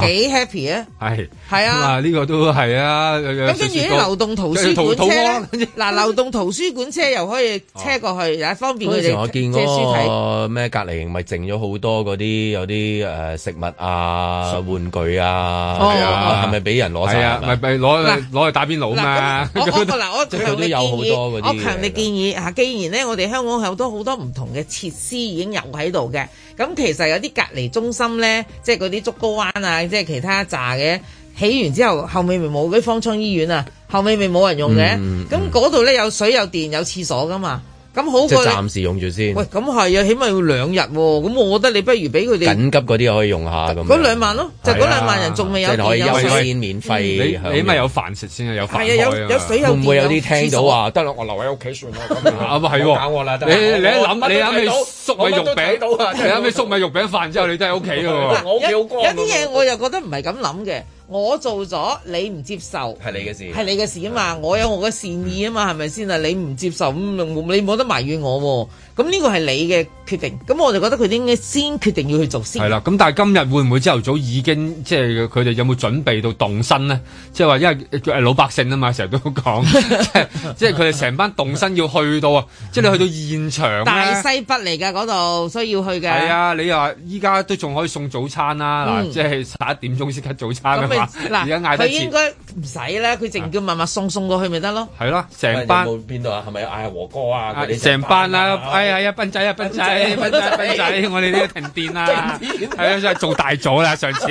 幾 happy 啊！係係啊，呢、啊
這個都係啊。咁跟
住啲流動圖書館車，
嗱流動圖書館車又可以車過去，又、啊、方便佢哋，我見過借書
睇。咩隔籬咪剩咗好多嗰啲有啲誒食物啊、玩具啊，係咪俾
人攞走啊？咪咪攞攞去打邊
爐嘛？
嗱、啊，我強烈建議，我強烈建議吓，既然呢我哋香港好多好多唔同嘅設施已經有喺度嘅。咁其實有啲隔離中心咧，即係嗰啲竹篙灣啊，即係其他紮嘅起完之後，後尾咪冇嗰啲方艙醫院啊，後尾咪冇人用嘅。咁嗰度咧有水有電有廁所噶嘛，咁好過。即係暫
時用住先。喂，
咁係啊，起碼要兩日喎、啊。咁我覺得你不如俾佢哋緊
急嗰啲可以用下。咁嗰
兩萬咯、啊啊，就嗰兩萬人仲未有電。啊、有
可以優先免費。起碼你咪、
嗯、有飯食先、嗯、啊，有
飯開。係啊，有有水有電。有會唔會有啲聽到啊？
得 啦，我留喺屋企算啦。咁 啊，係喎、哦。我啦， 你諗你，你粟米肉餅到啊！食咗啲粟米肉餅飯之後，你都喺屋企噶喎。
有啲嘢我又覺得唔係咁諗嘅，我做咗你唔接受，係你嘅事，係你嘅事啊嘛！我有我嘅善意啊嘛，係咪先啊？你唔接受咁，你冇得埋怨我喎啊。咁呢個係你嘅決定，咁我就覺得佢哋應該先決定要去做先？係啦，
咁但係今日會唔會朝頭早已經即係佢哋有冇準備到動身呢？即係話因為老百姓啊嘛，成日都講， 即係佢哋成班動身要去到啊、嗯！即係你去到現場，大
西北嚟㗎嗰度需要去嘅。係啊，
你又話依家都仲可以送早餐啦，嗱、嗯，即係十一點鐘先食早餐嘅嘛。嗱，而家嗌得切，
佢應該唔使啦，佢淨叫慢慢送送過去咪得咯。
係咯，成班邊度係咪嗌阿和哥啊？成班啦，哎係、哎、啊、 哎哎，笨仔啊，笨仔，笨仔，笨仔，我哋呢度停電啦。停電，係啊，真係做大咗啦！上次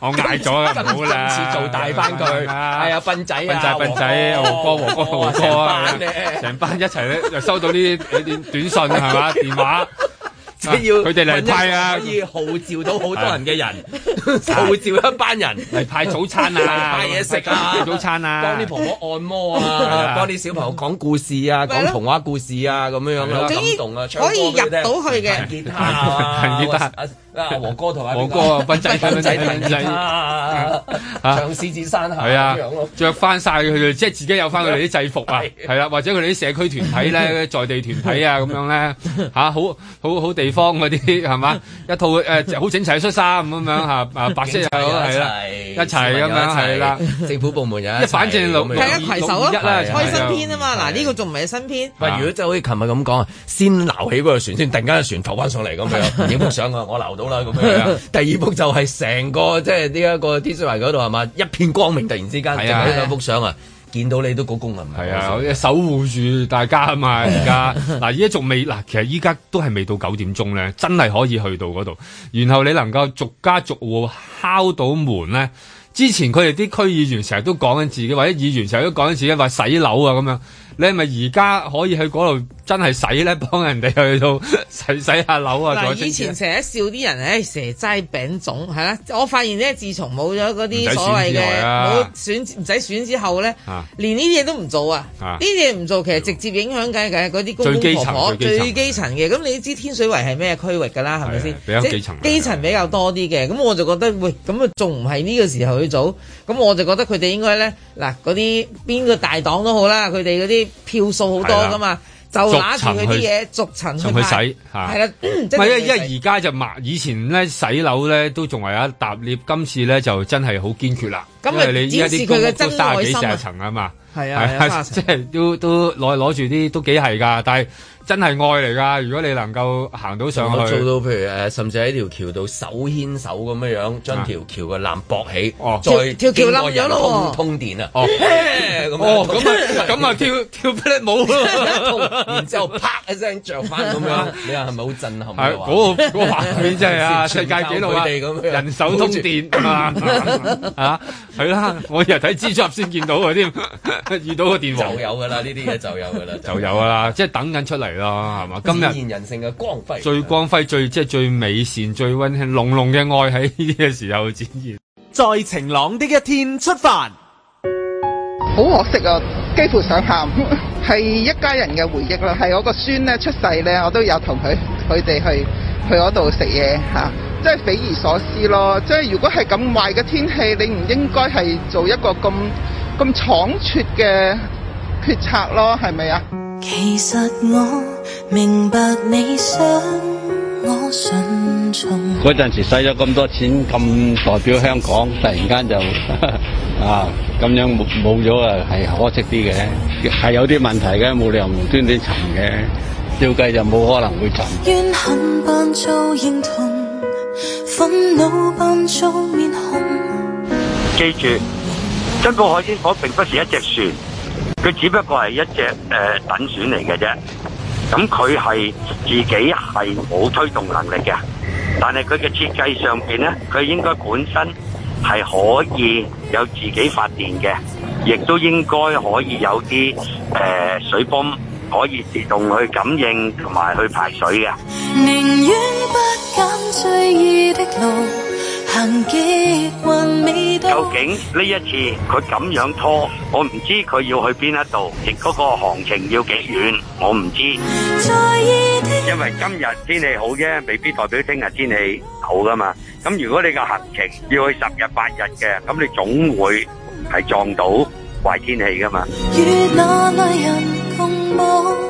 我嗌咗嘅，唔好啦。次做大翻佢，係啊，笨仔仔，笨仔，黃哥，黃哥，黃哥啊！成班一齊咧，又收到呢啲短短信係嘛、 啊，電話。 即、啊、要佢哋嚟派啊，可以
號召到好多人嘅人、
啊，號召一班人嚟派、啊、
早餐啊，派嘢食啊，派早餐啊，幫啲婆婆按摩啊，啊，幫啲小朋友講故事啊，啊，講童話故事啊，咁、啊、樣啦，啊啊啊感動啊，啊，可以入到
去嘅吉、啊
嗱，黃哥同埋，
黃哥啊，斌仔，斌仔、斌仔啊，上獅子山，係啊，
着翻晒佢哋，即係自己有翻佢哋啲制服啊，係啦、啊啊，或者佢哋啲社區團體咧、啊，在地團體啊，咁樣咧，嚇、啊啊，好好好地方嗰啲係嘛，一套誒、啊、好整齊嘅恤衫咁樣嚇，白色嘅，係啦，一齊咁樣係啦，
政府部門反正係反正攜手咯、啊啊啊、開新篇
啊嘛，嗱呢個仲唔係新篇，喂，如果
真係好似琴日咁講，先撈起嗰條船先，突然間船投翻上嚟咁樣，影到相啊，我撈到。這個啦咁樣，第二幅就係成個即係呢一個天水圍嗰度係
嘛，一片光明。突然之間，呢兩幅相啊， 見到你都高功能，係 啊，守護住大家啊嘛。而家嗱，而家仲未嗱，其實依家都係未到九點鐘咧，真係可以去到嗰度，然後你能夠逐家逐戶敲到門咧。之前佢哋啲區議員成日都講緊自己，或者議員成日都講緊自己話洗樓啊咁樣。你係咪而家可以去嗰度真係洗咧？幫人哋去到洗洗下樓啊！啊以前成
日笑啲人，哎蛇齋餅粽。係啦。我發現咧，自從冇咗嗰啲所謂嘅冇選唔使選，啊，選，選之後咧，啊，連呢啲嘢都唔做啊！呢啲嘢唔做，其實直接影響緊嗰啲公公婆婆最基層嘅。咁你知天水圍係咩區域㗎啦？係咪先？比較基層，基層比較多啲嘅。咁我就覺得，喂，咁啊，仲唔係呢個時候去做？咁我就覺得佢哋應該咧，嗱，嗰啲邊個大黨都好啦，佢哋嗰啲。票數好多噶嘛，啊、就揦住佢啲嘢逐層去，去，去洗，係啦、啊，唔係、啊嗯嗯、因為而
家就抹。以前咧洗樓咧都仲係一搭裂，今次咧就真係好堅決啦。咁啊，你而家啲都三十幾、四十層啊嘛，係啊，即、就、係、是、都都攞攞住啲都幾係噶，但係。真係愛嚟噶！如果你能夠行到上去，我做到譬如誒，甚至喺條橋度手牽手咁樣樣，將條橋嘅欄駁起、啊啊，
哦，再跳。橋冧咗咯，通通電啊！哦，咁、哦、樣？咁、哦、啊，樣跳 跳霹靂舞咯了， 然之後啪一聲着返咁樣，你話係咪好震撼？嗰個嗰
個畫面真係啊！世界紀錄啊！人手通電 啊！啊，係啦，我依日睇蜘蛛俠先見到嘅添， 遇到個電王就有噶啦，呢啲嘢就有噶啦，就有噶啦，即係等緊出嚟。係嘛？今日
人性嘅光輝，最
光輝、最即係最美善、最温馨、濃濃嘅愛喺呢個時候展現。
在晴朗的
一天出發，好可惜啊！幾乎想喊，係一家人嘅回憶啦，係我個孫咧出世咧，我都有同佢佢哋去去
嗰度食嘢吓，真、啊、係、就是、匪夷所思咯！即、就、係、是、如果係咁壞嘅天氣，你唔應
該係做一個咁咁倉促嘅決策咯，係咪啊？其實我明白你想，我
順從，嗰
陣時使咗咁多錢，咁代表香港，突然間就
啊，咁樣冇咗啊，係可惜啲嘅，係有啲問題嘅，冇理由無端端沉嘅，照計就冇可能會沉。
怨恨扮做認同，憤怒扮做面紅。
記住，珍寶海鮮舫並不是一隻船。佢只不過係一隻誒躉船嚟嘅啫，咁佢係自己係冇推動能力嘅，但係佢嘅設計上邊咧，佢應該本身係可以有自己發電嘅，亦都應該可以有啲誒水泵可以自動去感應同埋去排水
嘅。
究竟呢一次佢咁樣拖，我唔知佢要去邊一度，亦嗰個行程要幾遠，我唔知。因為今日天氣好啫，未必代表聽日天氣好噶嘛。咁如果你個行程要去十日八日嘅，咁你總會係撞到壞天氣噶嘛。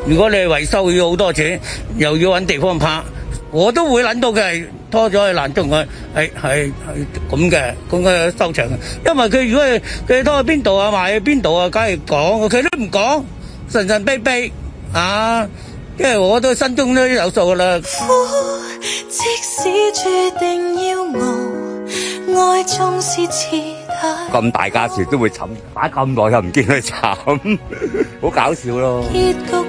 如果你係維修要好多錢，又要揾地方泊，我都會諗到嘅係。拖咗去爛鐘嘅，係係係咁嘅，咁嘅收場嘅。因為佢如果係佢拖去邊度啊，賣去邊度啊，梗係講，佢都唔講，神神秘秘啊，因為我都心中都有數噶
啦。咁、哦、
大家事都會沉，打咁耐又唔見佢慘， 好搞笑咯。
結局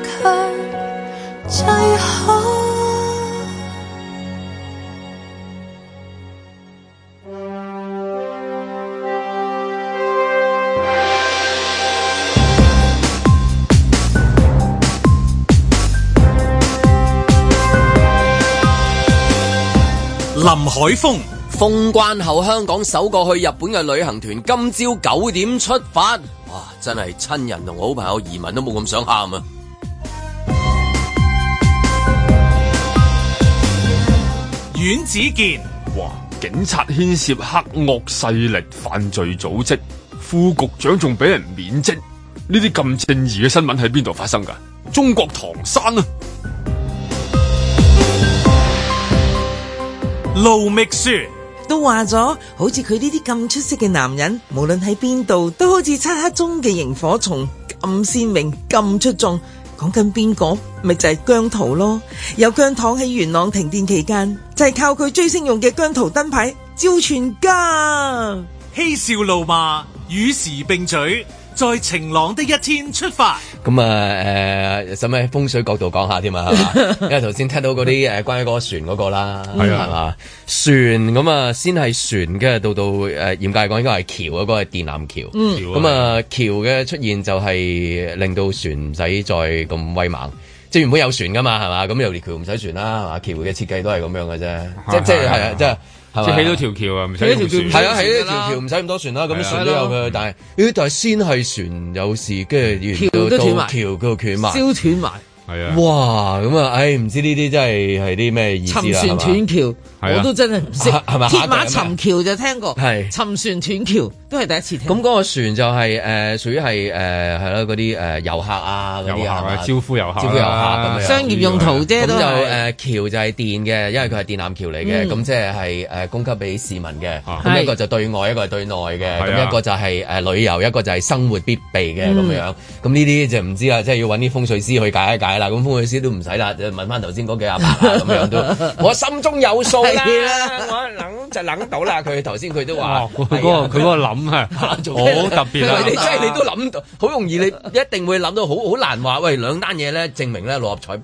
林海峰，封關後香港首個去日本嘅旅行團今朝九點出發。哇，真係親人同好朋友移民都冇咁想喊啊！
阮子健，
哇，警察牽涉黑惡勢力犯罪組織，副局長仲俾人免職，呢啲咁正義嘅新聞喺邊度發生
㗎？中國唐山啊！盧覓雪都話咗，好似佢呢啲咁出色嘅男人，無論喺邊度，都好似漆黑中嘅螢火蟲咁鮮明、咁出眾。講緊邊個？咪就係、是、姜濤咯。有姜糖喺元朗停電期間，就係、是、靠佢追星用嘅姜濤燈牌照全家，嬉笑怒
罵與時並取。在晴朗的一天出發。
咁、嗯、啊，誒、呃，使咪風水角度講下添啊？ 因為頭先聽到嗰啲誒，關於嗰個船嗰、那個啦，係 嘛、嗯？船咁啊、嗯，先係船，跟住到到誒、呃，嚴格嚟講應該係橋嗰、那個係電纜橋。咁、嗯、啊，嗯嗯嗯、橋嘅出現就係令到船唔使再咁威猛，即係原本有船噶嘛，係嘛？咁由橋唔使船啦，係嘛？橋嘅設計都係咁樣嘅啫，即即係啊，即。 即 即 即 即係起咗條橋啊，唔使咁係啊，起咗條橋唔使咁多船啦。咁船，船都有嘅，但係呢度係先係船，有時跟住完到橋佢斷埋，燒斷埋。係啊。哇，咁啊，唉、哎，唔知呢啲真係係啲咩意思啊？船斷橋。 我都真係唔識，鐵馬沉
橋就聽過，是是沉，聽過沉船斷橋都係
第一次聽。咁嗰個船就係、是、誒、呃、屬於係誒係咯嗰啲誒遊客啊嗰啲嚇，招
呼遊客，招呼遊客咁樣，商業用途啫咁就
誒、啊呃、橋就係電嘅，因為佢係電纜橋嚟嘅，咁即係誒供給俾市民嘅。咁、啊、一個就對外，一個係對內嘅。咁、啊、一個就係、是、誒、呃就是呃、旅遊，一個就係生活必備嘅咁、嗯、樣。咁呢啲就唔知啦，即、就、係、是、要揾啲風水師去解一解啦。咁風水師都唔使啦，就問翻頭先嗰幾阿伯咁樣都，我心中有數。 係啦、啊，我諗就諗到啦。佢頭先佢都話，佢、哦、嗰、嗰個佢嗰個諗啊，好特別啊！即 係你，你都諗到，好容易你一定會諗到，好好難話。喂，兩
單嘢咧，證明咧六合彩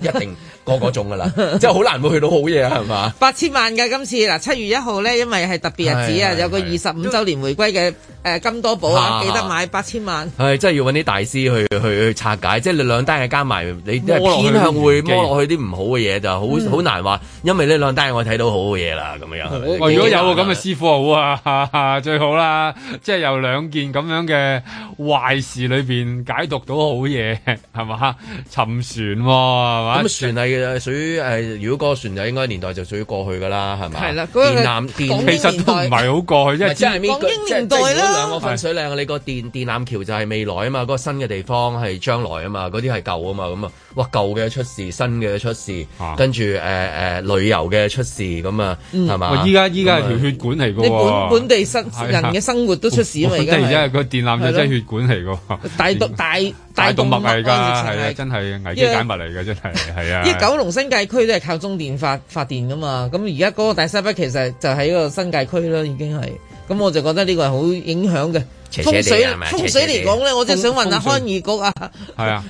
一定。
各個嗰種噶啦， 即係好難會去到好嘢，係嘛？
八千萬嘅今次嗱，七月一號咧，因為係特別日子啊，係係係係有個二十五周年回歸嘅誒金多寶啊，記得買八千萬。
係即係要搵啲大師去去去、去拆解，即係你兩單嘢加埋，你都係偏向會摸落去啲唔好嘅嘢，就好好、嗯、難話。因為呢兩單
嘢我睇到好嘅嘢啦，咁樣。哇，如果有咁嘅師傅好啊，最好啦！即、就、係、是、由兩件咁樣嘅壞事裏邊解讀到好嘢，係嘛？沉船係、啊、嘛？咁
船係。其實屬於誒，如果個船就
應該年代就屬於
過去噶啦，係咪？係啦、嗰個，電纜電其實都唔係好過去，即係即係咩？年代嗰兩個分水嶺你個電電纜橋就係未來啊嘛，嗰個新嘅地方係將來啊嘛，嗰啲係舊啊嘛，咁啊，哇，舊嘅出事，新嘅出事，啊、跟住誒誒旅遊嘅出
事，咁、嗯、
啊，係
嘛？依家依家係條血管嚟噶，本本地生人嘅
生活都出事咪，即而家係個
電纜就真係血管嚟噶、啊， 大大。
大動物嚟噶，係啊，
真係危機解物嚟嘅，真係係啊。依 九
龍新界區都係靠中電發發電噶嘛，咁而家嗰個大西北其實就喺個新界區啦，已經係。咁我就覺得呢個係好影響嘅、嗯。風水風水嚟講咧，我即係想問下鄉議局啊。
係啊，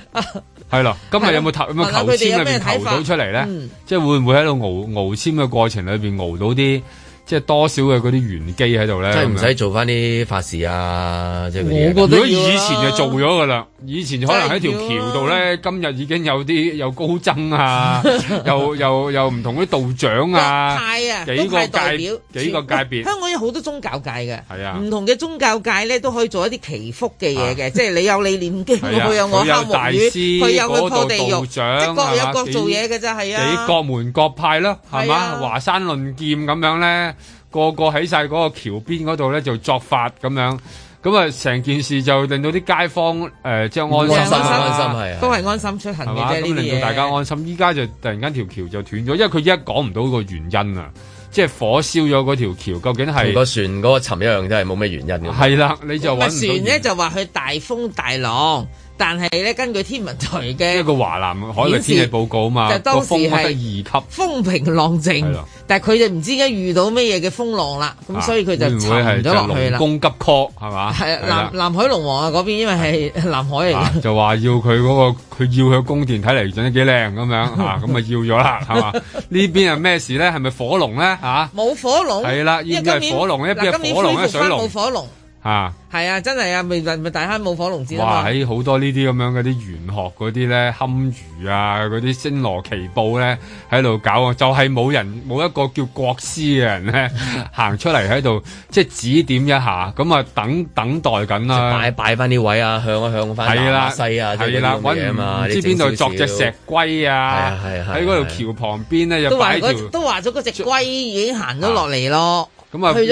係啦，今日有冇投有冇求籤嘅？求到出嚟咧、嗯，即係會唔會喺度搖搖籤嘅過程裏邊搖到啲？即係多少嘅嗰啲玄機喺度咧，即係唔使做翻啲法事啊！即係如果以前就做咗噶啦，以前可能喺條橋度咧，今日已經有啲有高僧啊，又又又唔同啲道長啊，派啊，幾個代表幾個界別，香
港有好多宗教界嘅，係啊，唔同嘅宗教界咧都可以做一啲祈福嘅嘢嘅，即係你有你念經，佢有我敲木魚，佢有佢破地獄，即係各有各做嘢嘅啫，係啊，各
門各派咯，係嘛？華山論劍咁樣咧。個個喺晒嗰個橋邊嗰度咧就作法咁樣，咁啊成件事就令到啲街坊誒即係、呃、安心啊，安心啊都
係安心出行嘅啫啲令到大家
安心，依家就突然間條橋就斷咗，因為佢依家講唔到個原因啊，即係火燒咗嗰條橋，究竟係個船嗰個沉一樣，真係冇咩原因。係啦，你就揾唔到。船咧
就話佢大風大浪。但係咧，根據天文台嘅一個華南海域天氣報
告啊嘛，個風係二級，
風平浪靜。但係佢哋唔知而家遇到咩嘢嘅風浪啦，咁所以佢就沉咗落去啦。就龍宮
急 call 係嘛？南
南海龍王啊嗰邊，因為係南海嚟嘅。
就話要佢嗰、嗰個佢要佢宮殿，睇嚟整得幾靚咁樣咁啊就要咗啦係嘛？ 邊呢邊係咩事咧？係咪火龍咧嚇？
冇火龍係啦，一、啊、係火龍，一係火，火龍，一冇火龍。啊，係啊，真係啊，咪咪大坑冇火龍之啊！哇，
喺好多呢啲咁樣嗰啲玄學嗰啲咧，堪輿啊，嗰啲星羅棋布咧，喺度搞啊，就係、是、冇人冇一個叫國師嘅人咧， 行出嚟喺度即係指點一下，咁啊等等待緊啦、啊，擺擺翻啲位啊，向一向翻、啊、南亞西啊，即係啦，揾唔知邊度作隻石龜啊，喺嗰度橋旁邊咧、啊啊啊，
都都話咗嗰隻龜已經行咗落嚟咯。咁 啊，最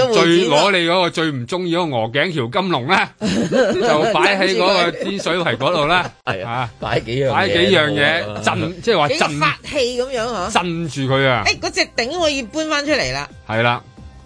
攞
你嗰個最唔中意嗰個鵝頸橋條金龍咧，就擺喺嗰個天水圍嗰度啦。係啊，擺幾樣嘢，擺幾樣嘢鎮，即係話鎮法
器咁樣嗬，
鎮住佢啊！誒，
嗰隻鼎我要搬翻出嚟啦。係啦，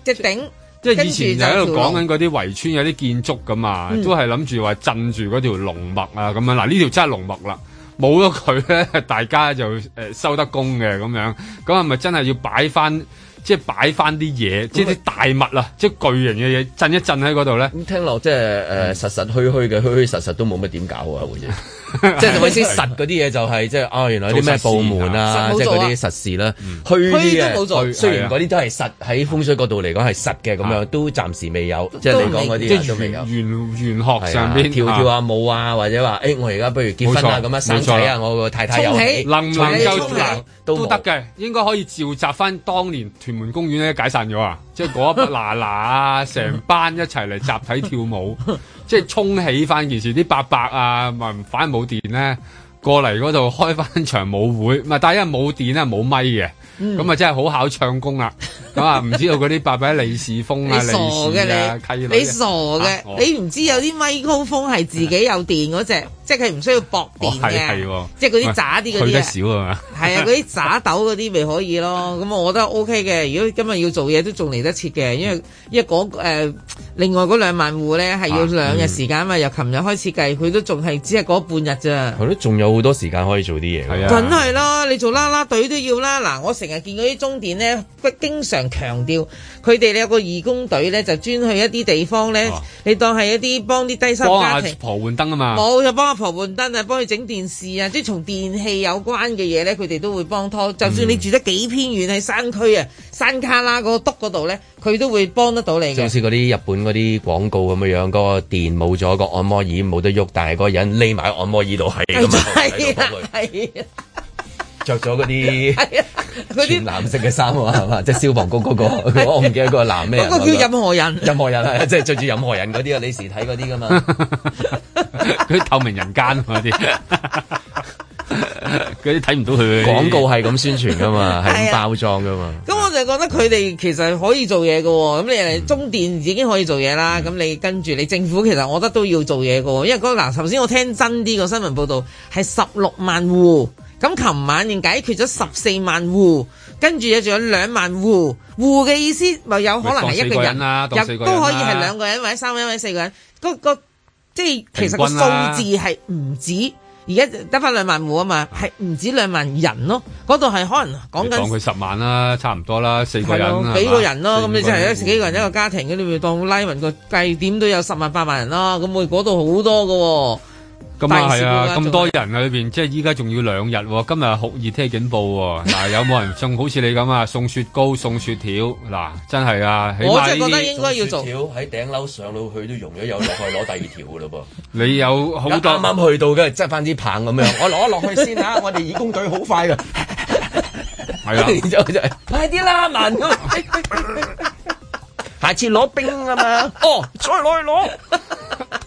隻鼎即係以前就喺度講緊
嗰啲圍村有啲建築咁、嗯、啊，都係諗住話鎮住嗰條龍脈啊咁樣嗱，呢條真係龍脈啦，冇咗佢咧，大家就誒、呃、收得工嘅咁樣。咁係咪真係要擺翻？即係擺翻啲嘢，即係啲大物啊，即係巨型嘅嘢震一震喺嗰度咧。咁聽落即係誒實實虛虛嘅，虛虛實實實都冇乜點搞啊，好似。
即係做啲先實嗰啲嘢，就係即係哦，原來啲咩部門啊，即係嗰啲實事啦、啊啊，虛啊，雖然嗰啲都係實，喺風水角度嚟講係實嘅，咁樣都暫時未有，即係、就是、你講嗰啲都未
有。玄學上邊跳跳下舞啊，啊或者話誒、欸，我而家不如結婚啊，咁樣生仔啊，我太太有，林林又林都得嘅，應該可以召集翻當年屯門公園咧解散咗啊。 即係嗰一筆嗱嗱啊，成班一齊嚟集體跳舞，即係衝起翻件事啲伯伯啊，咪反而冇電咧，過嚟嗰度開翻場舞會，咪但係因為冇電咧，冇咪嘅。咁、嗯、啊，真係好考唱功啦！咁啊，唔知道嗰啲八百利是風啊，你傻嘅、啊、你、啊，你傻嘅、啊，你唔
知有啲咪高風係自己有電嗰隻、 哦哦，即係佢唔需要駁電嘅，即係嗰啲渣啲嗰啲啊，少啊，係啊，嗰啲渣豆嗰啲咪可以咯。咁 我覺得 O K 嘅。如果今日要做嘢都仲嚟得切嘅，因為因為嗰、嗰個呃、另外嗰兩萬戶咧係要兩日時間嘛，啊嗯、由琴日開始計，佢都仲係只係嗰半日咋。
佢都仲有好多時間可以做啲嘢。係啊，梗
係啦，你做啦啦隊都要啦。嗱，我成日見到啲中電咧，經常強調佢哋有個義工隊咧，就專去一啲地方咧、哦。你當係一啲幫啲低收入家庭，婆
換燈啊嘛，冇
就幫阿婆換燈啊，幫佢整電視啊，即係從電器有關嘅嘢咧，佢哋都會幫拖。就算你住得幾偏遠，喺山區啊、山卡拉嗰篤嗰度咧，佢都會幫得到你。就好似
嗰啲日本嗰啲廣告咁樣樣，嗰個電冇咗、個按摩椅冇得喐，但係嗰個人匿埋喺按摩椅度係㗎嘛，啊，係、嗯、啊。着咗嗰啲淺藍色嘅衫啊嘛，係嘛？即係消防局嗰個，我唔記得個藍咩，嗰個叫任何人。任何人即係、 啊就是、着住任何人嗰啲啊，你時睇嗰啲噶嘛？
嗰 啲透明人間嗰啲，嗰啲睇唔到佢。廣告係咁宣傳噶嘛，係
咁、啊、包裝
噶嘛。
咁我就覺得佢哋其實可以做嘢噶喎。咁你中電已經可以做嘢啦。咁、嗯、你跟住你政府其實我覺得都要做嘢噶喎。因為嗰嗱頭先我聽真啲個新聞報道係十六萬戶。咁琴晚已經解決咗十四萬戶，跟住又仲有兩萬戶。戶嘅意思咪有可能係一個人，個人啊個人啊、都可以係兩個人或者三個或者、四個人。個即係其實個數字係唔止，而家得翻兩萬戶啊嘛，係唔止兩萬人咯。嗰度係可能講緊。當佢
十萬啦、啊，差唔多啦，四個人、啊。幾個人咯？咁你即係有
幾個人一個家庭嗰啲咪當拉勻個計點都有十萬、八萬人啦。咁會嗰度好多㗎喎。咁、嗯、啊係啊！咁多
人裏邊，即係依家仲要兩日、啊，今日酷熱天氣警報、啊。嗱， 有冇人送好似你咁啊？送雪糕，送雪條。嗱，真係啊！我真係覺得應
該要做喺頂樓上到去都溶咗，又落去攞第二條噶咯噃。
你有好多，啱啱去到嘅，係翻啲棚咁樣。
我攞落去先吓、啊， 我哋義工隊好快噶，係 啦是、啊。 快啲啦、啊，慢 下次攞冰啊嘛。 哦，再攞，攞。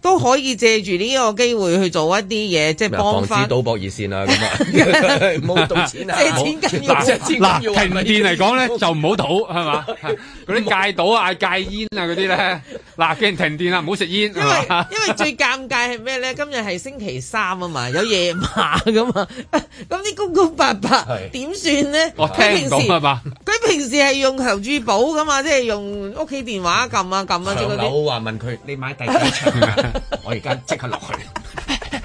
都可以借住呢個機會去做一啲嘢，即係幫翻。防止賭
博熱線啦、啊，咁啊唔好賭錢啊，借錢緊要，錢嗱停電嚟講咧， 就唔好
賭係嘛，嗰啲 戒賭啊、 戒煙煙啊嗰啲咧。嗱、 啊，既然停電啦、啊，唔好食煙。因為 因
為因為最尷尬係咩咧？今日係星期三啊嘛，有夜馬㗎嘛，咁 啲 公公伯伯點算咧？我聽講啊佢平時係、啊、用強珠寶噶嘛， 即係用屋企電話撳啊撳啊之類。樓
話、啊、問佢：你買第幾層 我而家即刻去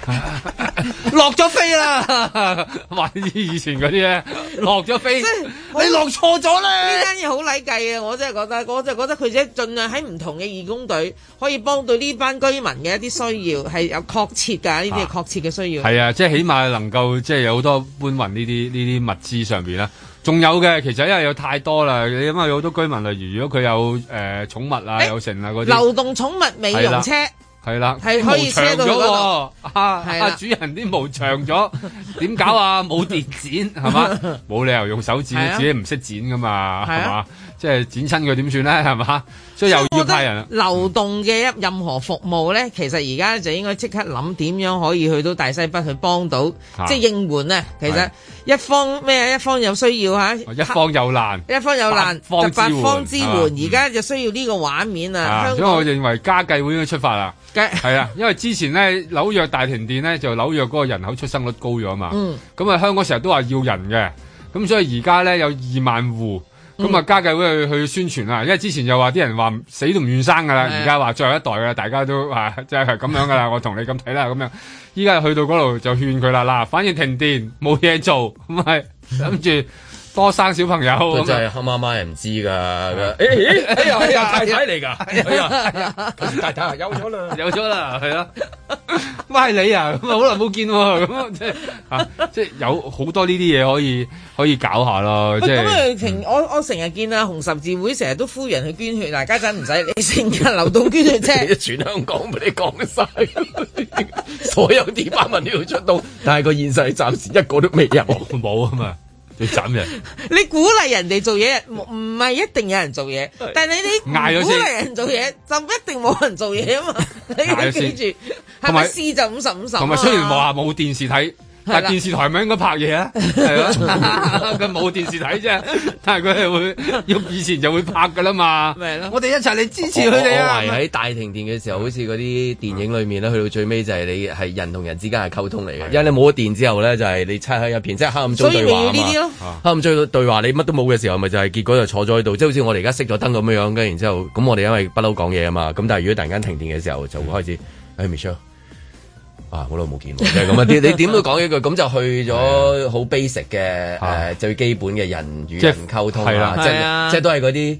落去，落咗飛啦！話啲以前嗰啲咧，落咗飛，
你落錯咗咧。呢間嘢好禮計啊！我真係覺得，我就覺得佢即係盡量喺唔同嘅義工隊可以幫到呢班居民嘅一啲需要，係有確切噶。呢啲係確切嘅需要、啊。係啊，即
係起碼能夠即係有好多搬運呢啲呢啲物資上邊啦。仲有嘅，其實因為有太多啦，你因為有好多居民例如如果佢有誒、呃、寵物啊，欸、有剩啊嗰啲流
動寵物美容車。
係啦、啊，毛長咗喎、
啊，係啊，主人
啲毛長咗，點搞啊？冇電剪係嘛？冇理由用手指、啊、自己唔識剪噶嘛，係嘛、啊？即係剪親佢點算咧？係嘛，所以又要派人啦，
流動嘅一任何服務咧，嗯、其實而家就應該即刻諗點樣可以去到大西北去幫到、啊，即係應援呢？其實一方咩啊？一方有需要嚇、啊，一方
有難，一
方有難，八方支援。而家就需要呢個畫面啊。所以，我
認為家計會應該出發啦。係 啊，因為之前咧紐約大停電咧，就紐約嗰個人口出生率高咗啊嘛。咁啊，香港成日都話要人嘅，咁所以而家咧有二萬戶。咁、嗯、啊，家計會去去宣傳啊，因為之前就話啲人話死都唔願生噶啦，而家話最後一代噶啦，大家都話真係咁樣噶啦， 我同你咁睇啦咁樣，依家去到嗰度就勸佢啦，嗱，反而停電冇嘢做，咁係諗住。多生小朋友，佢真係黑媽媽唔知噶。誒呀，太太嚟噶，太太有咗啦，有咗 啦，係、evet、咯。媽你 啊，咁啊好耐冇見，咁即係即
係
有好多呢啲嘢可以可以搞下咯，即係。咁、就、
啊、是嗯，我我成日見啊紅十字會成日都呼人去捐血，大家真唔使，你成日流動捐血啫。全 香港俾你講晒，所有啲花文都要出
到，但係個現實暫時一個都未有，有，冇啊嘛。 你斬人，
你鼓勵人哋做嘢，唔係一定有人做嘢。但係你你唔鼓勵人做嘢， 就一定冇人做嘢啊嘛！你記住，係咪試就五十五十？同埋雖然話
冇電視睇。但係電視台咪應該拍嘢啊？係咯，佢冇電視睇啫。但係佢係會，喐以前就會拍噶啦嘛。咪 咯，我哋一齊嚟支持佢哋啊！我懷疑喺
大停電嘅時候， 好似嗰啲電影裏面咧，去、嗯、到最尾就係你係人同人之間係溝通嚟嘅，因為你冇咗電之後咧，就係、是、你砌喺入邊即係黑暗中對話嘛，所以啊嘛。黑暗中對話，你乜都冇嘅時候，咪就係、是、結果就坐咗喺度，即、就、係、是、好似我哋而家熄咗燈咁樣樣，跟住然後之後咁我哋因為不嬲講嘢啊嘛。咁但係如果突然間停電嘅時候，就會開始誒、嗯欸久 啊！好耐冇見即係咁啊！你點點都講一句，咁就去咗好 basic 嘅誒最基本嘅人與人溝通啦、啊？即係、啊、即係、啊、都
係嗰啲。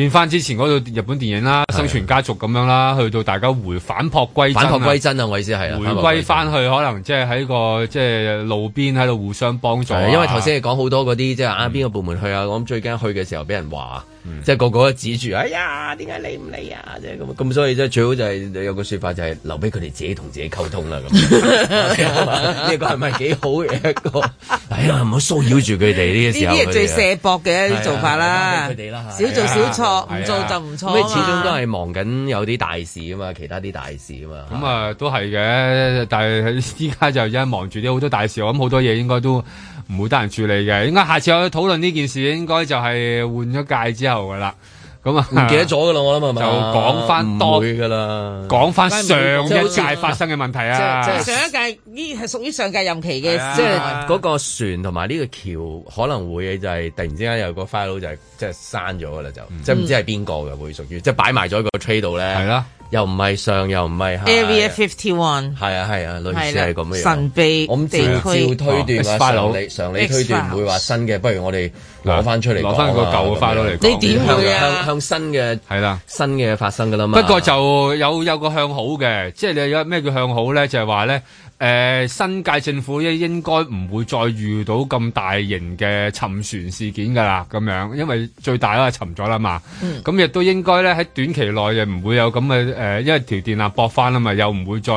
變翻之前嗰套日本電影啦，生存家族咁樣啦、啊，去到大家回返璞歸返璞、啊、歸真啊！我意思係、啊、回歸翻去歸可能即係喺個即係、就是、路邊喺度互相幫助、啊啊。因為頭先你講好多嗰啲即係啱邊個部門去啊，我、嗯、
咁最驚去嘅時候俾人話，即、嗯、係、就是、個個都指住，哎呀，點解你唔嚟啊？即係咁咁，所以即係最好就係、是、有個説法就係留俾佢哋自己同自己溝通啦。咁呢個係咪幾好嘅一個？係 咯、哎，唔好騷擾住佢哋呢啲時候。呢啲係最卸膊嘅做法啦，啦啊啊、少做少唔、哦、做就唔錯、啊，始終都係忙緊有啲大事啊嘛，其他啲大事啊嘛，
咁、嗯、啊、嗯、都係嘅，但係依家就因忙住啲好多大事，我諗好多嘢應該都唔會得閒處理嘅，應該下次我去討論呢件事應該就係換咗屆之後噶啦。咁啊，唔記得咗嘅啦，我諗就講翻唔會嘅啦，講
翻上一屆發生嘅問題啊！即係即係、上
一屆呢係屬於上屆任期嘅，即係
嗰個船同埋呢個橋可能會就係突然之間有個 file 就係即係刪咗嘅啦，就即係唔知係邊個嘅會屬於即係擺埋咗個 trade 度咧，係啦、啊，又唔係上又唔係下 A V F
fifty one
係啊係啊，啊，類似係咁嘅樣。神
秘，我哋照推斷啊，常理常理推斷唔會話
新嘅，不如我哋。攞翻出嚟，攞翻個舊嘅翻到嚟。你點向向
新嘅？係啦，新嘅發生噶啦嘛。不過就有有個向好嘅，即係你有咩叫向好咧？就係話咧，誒、呃、新界政府應應該唔會再遇到咁大型嘅沉船事件噶啦，咁樣，因為最大都係沉咗啦嘛。咁、嗯、亦都應該咧喺短期內又唔會有咁嘅誒，因為條電纜駁翻啦嘛，又唔會再。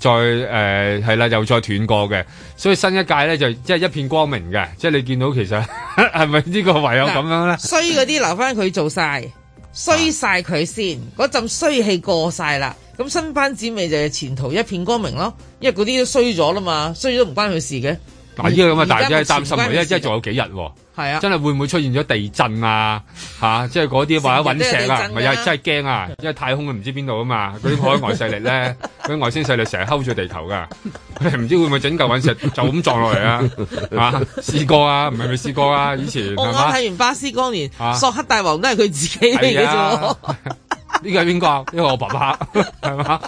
再誒係、呃、啦，又再斷過嘅，所以新一屆咧就即、是、係一片光明嘅，即、就、係、是、你見到其實係咪呢個唯有咁樣咧？
衰嗰啲留翻佢做晒，衰晒佢先，嗰、啊、陣衰氣過晒啦，咁新班子咪就係前途一片光明咯，因為嗰啲都衰咗啦嘛，衰咗都唔關佢事嘅。嗱，呢個咁啊，大家真係擔心，因為因為仲
有幾日喎。係啊，真係會唔會出現咗地震啊？吓、啊，即係嗰啲或者隕石啊，唔係啊，真係驚啊！因為太空唔知邊度啊嘛，嗰啲海外勢力咧，嗰 啲外星勢力成日睺住地球噶，唔知會唔會整嚿隕石就咁撞落嚟啊？啊，試過啊，唔係咪試過啊？以前、啊、我睇
完《巴斯光年》啊，索克大王都係佢自己嚟嘅，
呢個係邊個？呢個、啊 啊、我爸爸係嘛？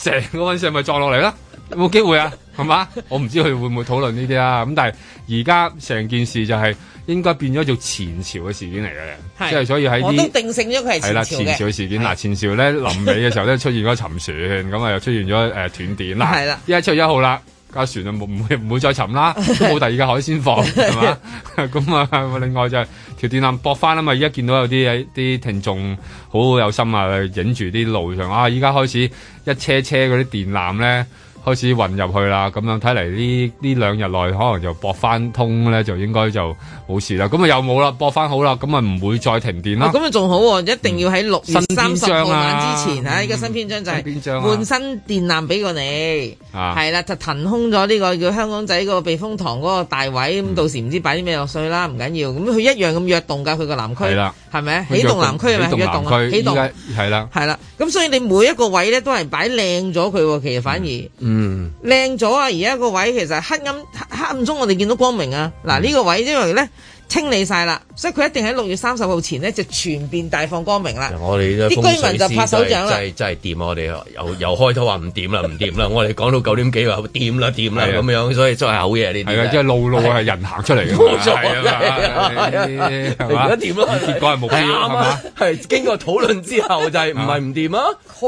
成 個隕石咪撞落嚟啦？有冇機會啊？係嘛？我唔知佢會唔會討論呢啲啦。咁但係而家成件事就係應該變咗做前朝嘅事件嚟嘅，即係所以喺我都
定性咗佢係前朝嘅。係啦，前朝
事件嗱，前朝咧臨尾嘅時候咧出現咗沉船，咁 啊又出現咗誒、呃、斷電啦。係啦，一七一號七月一號啦，架船就冇唔會唔會再沉啦，都冇第二個海鮮房係嘛？咁 啊是的 另外就係、是、條電纜駁返啦嘛。而家見到有啲啲聽眾好有心啊，影住啲路上啊，依家開始一車車嗰啲電纜咧。開始混入去啦，咁樣睇嚟呢呢兩日內可能就搏翻通咧，就應該就冇事啦。咁啊又冇啦，搏翻好啦，咁啊唔會再停電啦。咁啊仲
好喎，一定要喺六月三十號晚之前啊！呢個新篇章就換新電纜俾過你，係啦就騰空咗呢個叫香港仔個避風塘嗰個大位，咁到時唔知擺啲咩落水啦，唔緊要。咁佢一樣咁躍動㗎，佢個南區係咪？係咪躍動？南區係咪躍動？係啦，係啦。咁所以你每一個位咧都係擺靚咗佢喎，其實反而唔～嗯，靚咗啊！而家個位其實黑暗黑暗中，我哋見到光明、嗯、啊！嗱，呢個位因為咧。清理晒啦，所以佢一定喺六月三十號前呢就全面大放光明啦。我
哋啲居民就拍手掌啦。真係真係掂，我哋又又開頭話唔掂啦，唔掂啦。我哋講到九點幾話掂啦，掂啦咁樣，所以真係好嘢呢。係啊，即係路路係人行出嚟嘅。冇錯啊，係嘛，點咯？結果係冇係經過討論之後就係唔係
唔掂啊？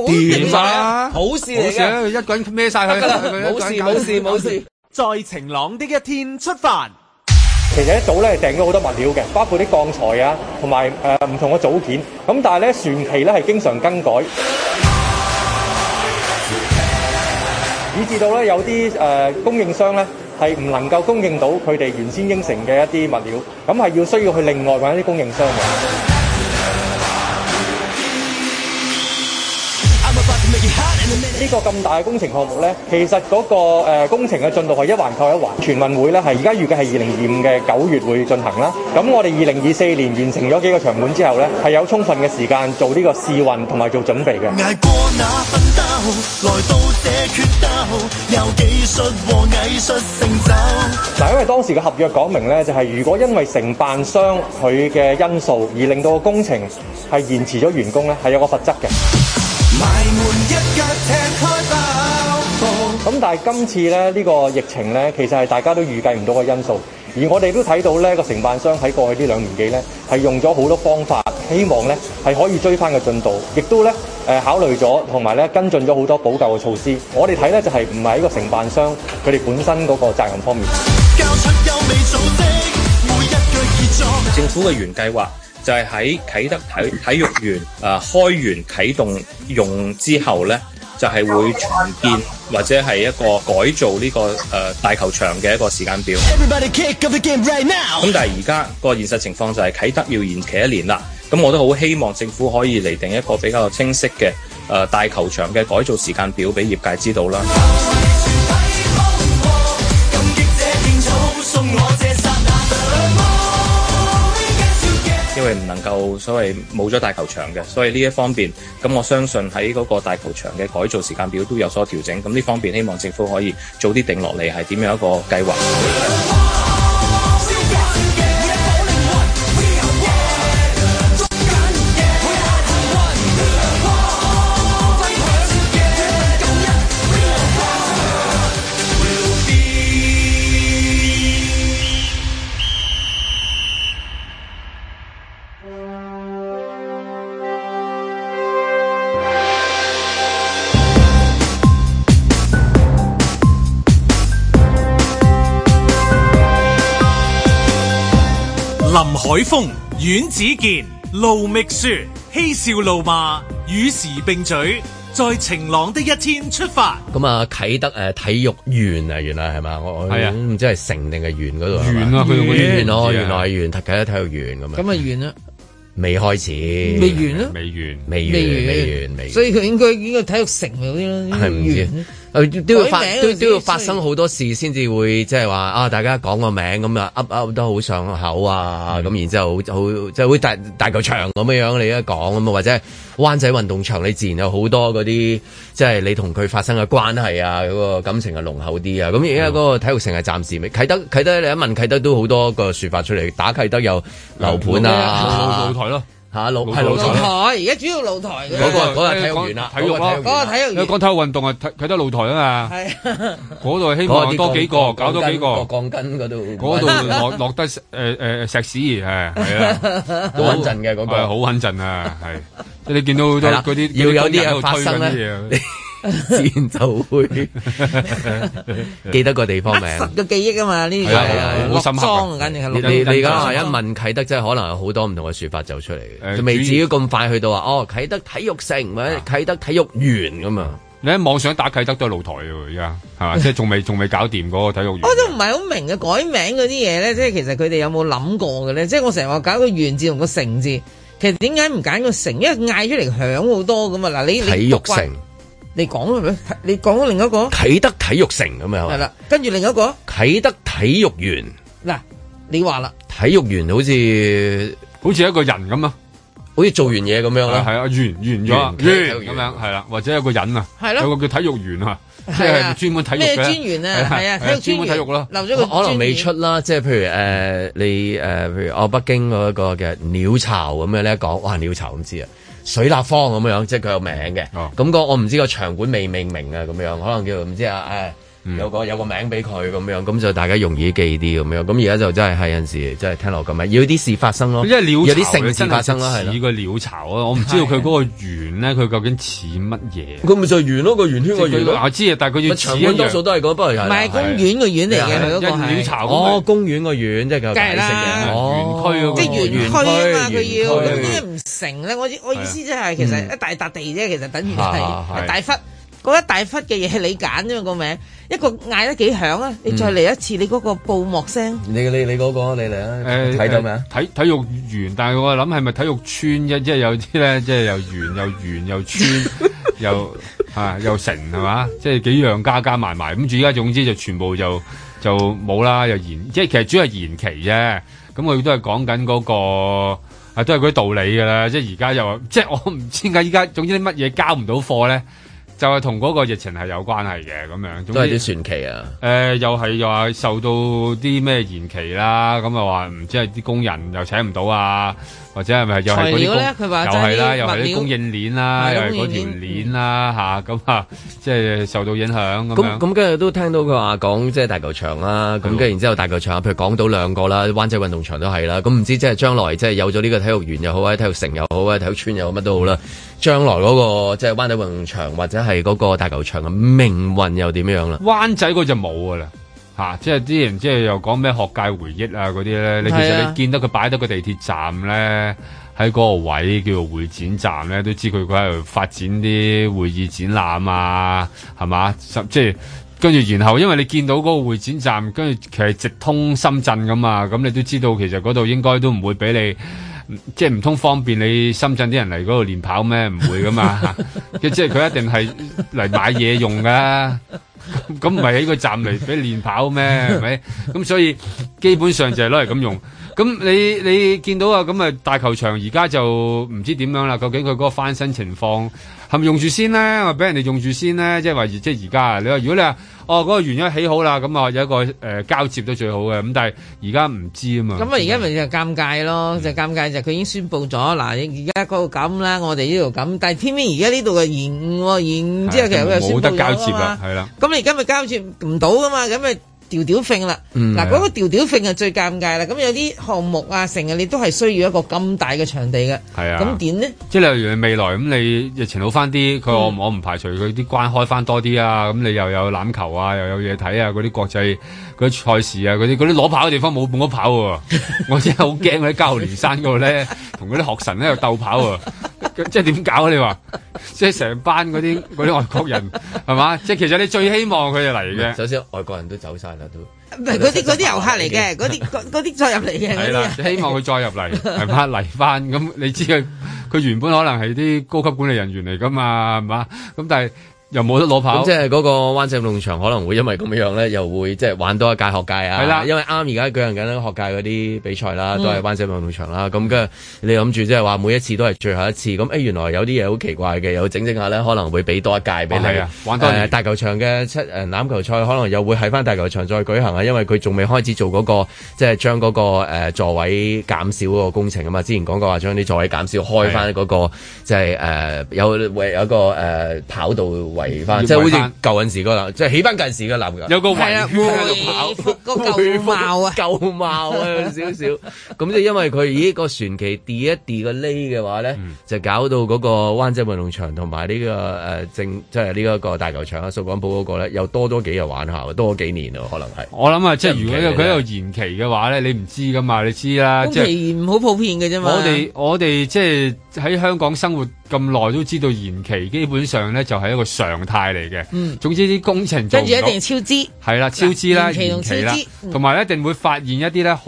掂晒啦，好事好事一個人孭晒佢，冇事冇事冇事。在晴朗的一天出發。其實一早咧訂咗好多物料嘅，包括啲鋼材啊，同埋誒唔同嘅組件。咁但係咧船期咧係經常更改，以至到咧有啲誒供應商咧係唔能夠供應到佢哋原先應承嘅一啲物料，咁係要需要去另外揾一啲供應商嘅。呢、這個咁大嘅工程項目呢，其實嗰、那個、呃、工程嘅進度係一環扣一環。全運會呢，係而家預計係二零二五嘅九月會進行啦。咁我哋二零二四年完成咗幾個場館之後呢，係有充分嘅時間做呢個試運同埋做準備嘅。嗱，因為當時嘅合約講明呢，就係、是、如果因為承辦商佢嘅因素而令到個工程係延遲咗完工呢，係有個罰則嘅。埋門一腳踢開爆。咁但係今次咧呢個疫情咧，其實係大家都預計唔到嘅因素，而我哋都睇到咧個承辦商喺過去呢兩年幾咧，係用咗好多方法，希望咧係可以追翻個進度，亦都咧、呃、考慮咗同埋咧跟進咗好多補救嘅措施。我哋睇咧就係唔係喺個承辦商佢哋本身嗰個責任方面。政府嘅原計劃，就係喺啟德體體育園誒、啊、開完啟動用之後咧就係、是、會重建或者係一個改造呢、這個誒、呃、大球場嘅一個時間表 everybody kick of the game right now 咁但係而家個現實情況就係啟德要延期一年啦，咁我都好希望政府可以嚟，定一個比較清晰嘅誒、呃、大球場嘅改造時間表俾業界知道啦 因為唔能夠所謂冇咗大球場嘅，所以呢一方面，咁我相信喺嗰個大球場嘅改造時間表都有所調整。咁呢方面，希望政府可以早啲定落嚟，係點樣一個計劃。風阮子健、盧覓雪嬉笑怒罵與時並嘴，在晴朗的一天出發。
咁啊啟德誒體育園啊，啊，原來係咪？我係啊，唔知係城定係園嗰度。園啊，佢個園哦，原來係園，啟德體育園咁啊。咁啊，完啦？未開始？未完啦？未完？未完？未完？未完？所
以佢應該應該體育城嗰啲啦？係唔知？
都要發，都都要發生好多事先至會是，即係話啊，大家講個名咁啊，噏噏得好上口啊，咁然之後好，好即係會大大球場，咁樣樣，你一講咁啊，或者灣仔運動場，你自然有好多嗰啲，即係你同佢發生嘅關係啊，嗰個感情係濃厚啲啊，咁而家嗰個體育城係暫時未啟德，啟德你一問啟德都好多個說法出嚟，打啟德有
樓盤啊，露台咯。吓、啊、露台，而
家
主要露台嘅。嗰、那個嗰、那個睇完
啦，體育嗰育、哎、體育。你、那、講、個、體育運動啊，睇睇得露台啊嘛。係、
那
個。嗰度希望多幾個，搞多幾個。
鋼筋嗰度。嗰度落
落得誒誒石屎係係啊。穩陣嘅嗰個。好穩陣啊！係，你見到好多嗰啲要有啲喺度推緊啲嘢。 自然就會
記得個地方名字，實
個記憶啊嘛。呢啲係好深刻，肯你、啊、而家一問
啟德，真係可能有好多唔同嘅說法走出嚟嘅，就、呃、未至於咁快去到話哦，啟德體育城或
者啟德體育園咁啊。你喺網上打啟德都係露台啊，而家吓，即係仲未仲未搞掂嗰個體育
園。 我都唔係好明嘅改名嗰啲嘢咧，即係其實佢哋有冇諗過嘅咧？即係我成日話搞個園字同個城字，其實點解唔揀個城？因為嗌出嚟響好多咁啊。嗱，你，你體育城。你講你講另一個
啟德體育城咁樣係啦，
跟住另一個
啟德體育園。
嗱，你話啦，
體育園好似
好似一個人咁啊，好似做完嘢咁樣啦。係啊，完完咗，完咁樣係啦，或者有個人啊，有個叫體育員啊，即係專門體育咩專員啊，係啊，體育專員專門體育咯，可能未出啦。即係譬如誒、呃，你誒、呃，譬如我北
京嗰個嘅鳥巢咁樣咧，講哇，鳥巢咁知啊。水立方咁樣，即係佢有名嘅，咁、啊，個我唔知個場館未命名啊，咁樣可能叫唔知啊，嗯、有個有個名俾佢咁樣，咁就大家容易記啲咁樣。咁而家就真係係有陣時，真係聽落咁啊！要啲事
發生咯，有啲盛事發生咯，係咯。個鳥巢咯，我唔知道佢嗰個圓咧，佢究竟似乜嘢？
佢咪就圓咯，個圓圈個圓。我知啊，但係佢要多數都
係不
離唔係公園個園嚟嘅，佢嗰個係。一鳥巢
公園個園即係咁。梗係啦。哦。園區即係、哦、園區啊、那個、嘛，佢要點解唔
成咧？我我意思即係其實一大笪地啫，其實等於大忽。嗰一大忽嘅嘢，你揀啫嘛個名，一個嗌得幾響啊！你再嚟一次，你嗰個報幕聲，
你你你嗰個你嚟啊！睇到咩啊？體體育圓，但係我諗係咪體育村啫？即係有啲咧，即係又圓又圓又村又啊又成係嘛？即係幾樣加加埋埋。咁住依家總之就全部就就冇啦，又延即係其實主要係延期啫。咁佢都係講緊嗰個啊，都係嗰啲道理㗎啦。即係而家又即係我唔知點解依家總之啲乜嘢交唔到貨咧？就係同嗰個疫情係有關係嘅咁樣，總之都係啲傳奇啊！誒、呃，又係又話受到啲咩延期啦，咁又話唔知係啲工人又請唔到啊，或者係咪又係嗰啲工又係啦，又係啲供應鏈啦，又係嗰條鏈啦吓，咁、嗯、啊，即係受到影響咁樣。咁咁跟住都聽到佢話
講即係大球場啦，咁跟住然之後，後大球場，譬如講到兩個啦，灣仔運動場都係啦，咁唔知即係、就是、將來即係、就是、有咗呢個體育園又好啊，體育城又好啊，體育村又好乜都好啦。嗯將來嗰、那個即係、就是、灣仔運動場或者係嗰個大球場嘅命運又點樣啦？
灣仔嗰隻冇噶啦，即係啲人即係又講咩學界回憶啊嗰啲咧，你其實你見到佢擺得個地鐵站咧，喺嗰個位叫做會展站咧，都知佢佢喺度發展啲會議展覽啊，係嘛？即係跟住然後，因為你見到嗰個會展站，跟住其實直通深圳噶嘛，咁你都知道其實嗰度應該都唔會俾你。即係唔通方便你深圳啲人嚟嗰度練跑咩？唔會噶嘛， 即係佢一定係嚟買嘢用噶、啊，咁唔係喺個站嚟俾練跑咩？係咪？咁所以基本上就係攞嚟咁用。咁你你見到啊，咁啊大球場而家就唔知點樣啦，究竟佢嗰個翻新情況？係咪用住先咧？俾人哋用住先咧？即係話，即係而家。你話如果你話哦，嗰、那個原因起好啦，咁啊有一個誒、呃、交接都最好嘅。咁但係而家唔知啊嘛。咁啊，
而家咪就尷尬咯，嗯、就尷尬就佢已經宣布咗嗱，而家嗰個咁啦，我哋呢度咁。但係偏偏而家呢度嘅延誤，延誤之後其實佢又冇得交接啦，係啦。咁你而家咪交接唔到噶嘛？咁咪。吊吊揈啦，嗱、嗯、嗰、啊嗰個吊吊揈啊最尷尬啦，咁有啲項目啊成，成日你都係需要一個咁大嘅場地嘅，咁點、啊、呢？
即係例如你未來咁，你日前好翻啲，佢我、嗯、我唔排除佢啲關開翻多啲啊，咁你又有欖球啊，又有嘢睇啊，嗰啲國際。嗰啲賽事啊，嗰啲嗰啲攞跑嘅地方冇冇得跑喎， 我真係好驚嗰啲交流山嗰度咧，同嗰啲學神喺度鬥跑喎， 即係點搞啊？你話，即係成班嗰啲嗰啲外國人係嘛？即係其實你最希望佢哋嚟嘅，首先外國人都走晒啦都，唔
係嗰啲嗰啲遊客嚟嘅，嗰啲嗰啲再入嚟嘅。係 啦，希望佢再
入嚟係咪？嚟翻咁你知佢佢原本可能係啲高級管理人員嚟噶嘛係嘛？咁但係。又冇得攞跑，咁即係嗰個灣仔運動場可能會因為咁樣咧，又
會即係玩多一屆學界啊！係啦，因為啱而家舉行緊學界嗰啲比賽啦，嗯、都係灣仔運動場啦。咁跟住你諗住即係話每一次都係最後一次，咁誒、欸、原來有啲嘢好奇怪嘅，又整整下咧，可能會俾多一屆俾你。係啊，玩多一屆、呃。大球場嘅七欖球賽可能又會喺翻大球場再舉行啊，因為佢仲未開始做嗰、嗰個即係將嗰個誒、呃、座位減少嗰個工程啊嘛。之前講過話將啲座位減少，開翻、嗰個即係誒有會有個誒、呃、跑道。圍翻，即係好似舊陣時個男，即係起翻舊陣時個男人。有個圍圈喺度跑，舊貌啊，舊貌啊，少少。咁即係因為佢，咦個船期跌一跌個呢嘅話咧，就搞到嗰個灣仔運動場同埋呢個正，即係呢一個大球場啊，掃桿埔嗰個咧，又多多幾日玩下，多幾年
啊。可能係。我諗啊，即係如果佢有延期嘅話咧，你唔知噶嘛，你知啦。即係
好普遍嘅啫嘛。我哋
我哋即係喺香港生活。咁耐都知道延期，基本上咧就係一個常態嚟嘅。總之啲工程做，跟住一定
超支。係
啦，超支啦，延期同超支啦，同埋、嗯、一定會發現一啲咧好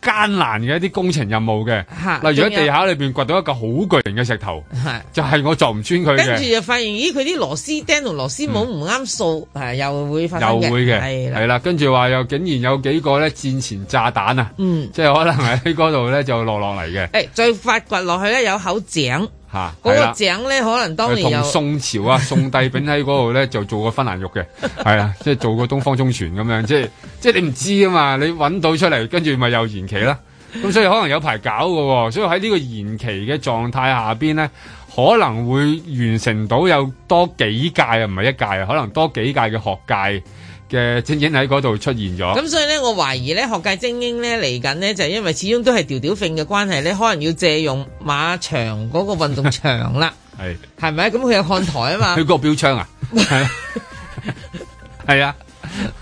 艱難嘅一啲工程任務嘅。例、啊、如喺地下裏邊掘到一個好巨型嘅石頭，啊、就係、是、我撞唔穿佢。跟住就
發現咦佢啲螺絲釘同螺絲母唔啱數，係、嗯啊、又會發生又會嘅，係
啦，啦，跟住話又竟然有幾個咧戰前炸彈啊，嗯、即係可能喺嗰度咧就落落嚟嘅。
誒、欸，再發掘落去咧有口井。
吓、啊，嗰、那個井
咧、啊、可能當年宋
朝啊，宋帝昺喺嗰度咧就做過芬蘭玉嘅，係 啊，即、就、係、是、做過東方中傳咁樣，即係即係你唔知啊嘛，你搵到出嚟，跟住咪又延期啦，咁所以可能有排搞噶，所以喺呢個延期嘅狀態下邊咧，可能會完成到有多幾屆啊，唔係一屆啊，可能多幾屆嘅學界。嘅精英喺嗰度出現咗，咁所
以咧，我懷疑咧，學界精英咧嚟緊咧，就係、是、因為始終都係吊吊揈嘅關係咧，可能要借用馬場嗰個運動場啦，係， 係咪？咁佢有看台啊嘛，佢
個標槍啊，係 啊。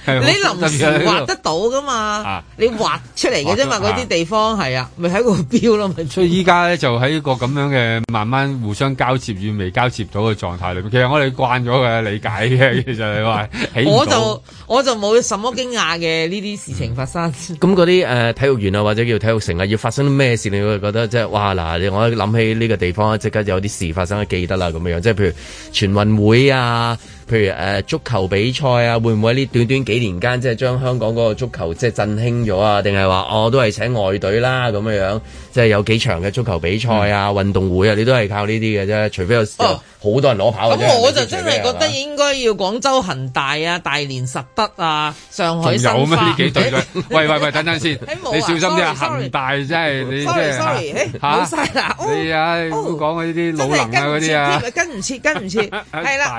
你臨時畫得
到噶嘛？啊、你畫出嚟嘅啫嘛，嗰、啊、啲地方係啊，咪喺、啊啊、個標咯。所
以依家咧就喺個咁樣嘅慢慢互相交接與未交接到嘅狀態裏邊。其實我哋慣咗嘅理解嘅，其實你話、
啊，我就
我就冇什麼驚訝嘅呢啲事情發生。
咁嗰啲誒，體育園啊，或者叫體育城啊，要發生啲咩事你會覺得即係哇嗱，我諗起呢個地方即刻有啲事發生，我記得啦咁樣，即係譬如全運會啊。譬如誒、呃、足球比賽啊，會唔會喺呢短短幾年間即係將香港嗰個足球即係振興咗啊？定係話哦都係請外隊啦、啊、咁樣即係有幾場嘅足球比賽啊、運動會啊，會啊你都係靠呢啲嘅啫，除非有好、哦、多人攞跑。咁、哦、我就真係覺
得應該要廣州恒大啊、大連實德啊、上海申花、啊、有咩幾幾隊？
喂喂喂，等陣先、 哎啊，你小心啲啊！恒大真係 你即係嚇。冇曬
晒你啊，
講嗰啲啲老能啊嗰啲啊。
是是跟唔切，跟唔切，跟係啦，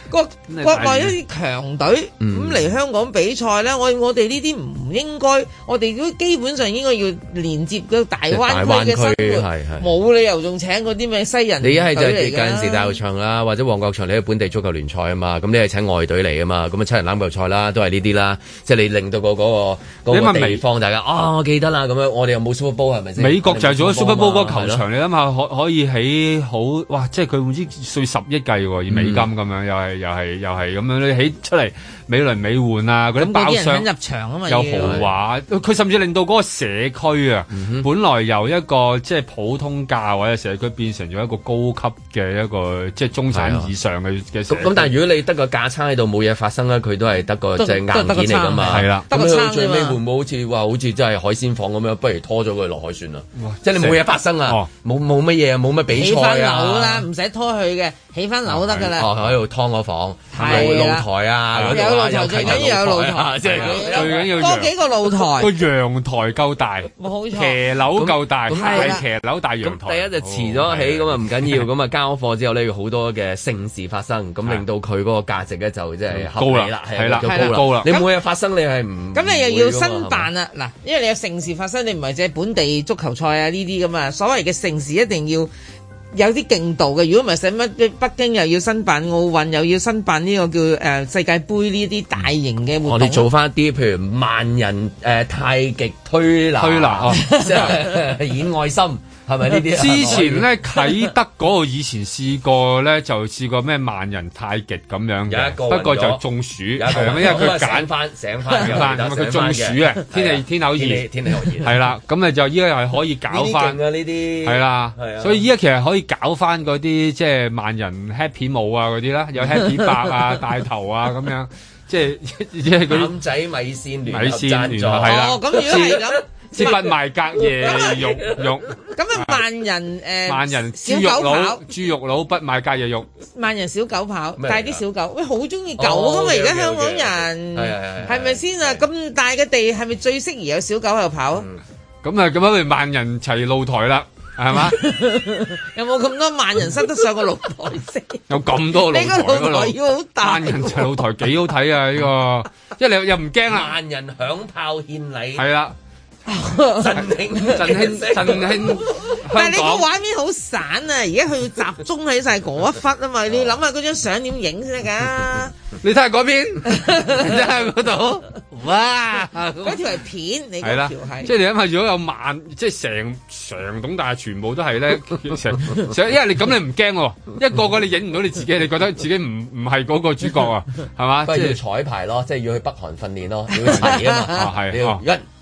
國國外一啲強隊咁嚟、嗯、香港比賽咧，我我哋呢啲唔應該，我哋都基本上應該要連接嘅大灣區嘅生活，冇理由仲請嗰啲咩西人，你一係就係近時大球
場啦，或者旺角場，你喺本地足球聯賽啊嘛，咁你係請外隊嚟啊嘛，咁啊七人欖球賽啦，都係呢啲啦，即係你令到、嗰個嗰、嗰個。你問微放大家。啊、哦，我記得啦，咁樣我哋又冇 Super Bowl 係咪先？美國就係做咗 Super Bowl、嗰個球場，
你諗下可可以起好哇？即係佢唔知稅十億計喎，以美金咁樣又係。嗯又係，又係咁樣，咧起出嚟。美輪美奐啊！嗰啲包商入
場啊嘛，有豪華，
佢甚至令到嗰個社區啊，本來由一個即係普通價位嘅社區變成咗一個高級嘅一個即係中產以上嘅嘅。咁咁，但係如果你得個價差喺度冇嘢發
生啦，佢都係得個即係硬件嚟㗎嘛。係啦，咁佢、啊、最尾會唔會好似話好似真係海鮮房咁樣？不如拖咗佢落海算啦，即係你冇嘢發生啊，冇冇乜嘢，冇乜比賽啊，
起翻樓啦，唔使拖佢嘅，起翻樓得㗎啦。
喺度劏個房、啊，露台啊最緊
要有露台，即、啊、係最緊要多幾個露
台，個陽台夠
大，騎樓夠大，大、嗯、騎樓大陽台，嗯，陽台哦就係、第一就遲咗起，咁啊唔緊
要，咁、哦、啊交貨之後咧 要好多嘅盛事發生，咁令到佢嗰個價值咧就即係高啦，係啦，高啦，你每日發生你係唔咁你又要申辦
啦，嗱，因為你有盛事發生，你唔係淨係本地足球賽啊呢啲咁啊，所謂嘅盛事一定要。有啲勁度嘅，如果唔係使乜北京又要申辦奧運，又要申辦呢個叫誒世界盃呢啲大型嘅活動。我哋做翻
啲，譬如萬人誒、呃、太極推拿推拿即係、哦、 演愛心。係咪呢啲之前咧
啟德，嗰個以前試過咧，就試過咩萬人太極咁樣嘅， 不過就中暑，因為佢揀翻醒翻，因為佢中暑，中暑啊，天氣天好熱，天氣好熱，係啦，咁咪、啊、就依家又可以搞翻呢啲，係啦、啊啊啊，所以依家其實可以搞翻嗰啲即係萬人 Happy 舞啊嗰啲啦，有 Happy 白啊大 頭啊咁樣，即係即係啲
仔米線聯米作戰，係、哦、啦，咁如果是這樣
即不賣隔夜肉，肉
咁啊！萬人誒，萬
人豬肉佬，豬肉佬不賣隔夜肉。
萬人小狗跑，帶啲小狗，喂，好中意狗噶嘛？而家香港人係咪先啊？咁大嘅地，係咪最適宜有小狗喺度跑
啊？咁啊，咁樣咪萬人齊露台啦，係嘛？
有冇咁多萬人塞得上個露台先？有
咁多露台，露台
要好大，萬人齊
露台幾好睇啊！呢個，
即係你又唔驚啊，萬人響炮獻禮，係啦。振興，振興，振興。但係你個畫面好散啊，而家佢要集中喺晒嗰一忽啊嘛，你諗下嗰張相點影先得噶？你睇下嗰邊，睇下嗰度，哇！嗰條係片，你睇下、啊，即係你諗
下，如果有慢，即係成成棟大廈全部都係咧，成 因為你咁你唔驚，一個個你影唔到你自己，你覺得自己唔唔係嗰個主角啊，係嘛？即係、就是、
彩排咯，即係要去北韓訓練咯，要齊啊嘛，係， 一、啊。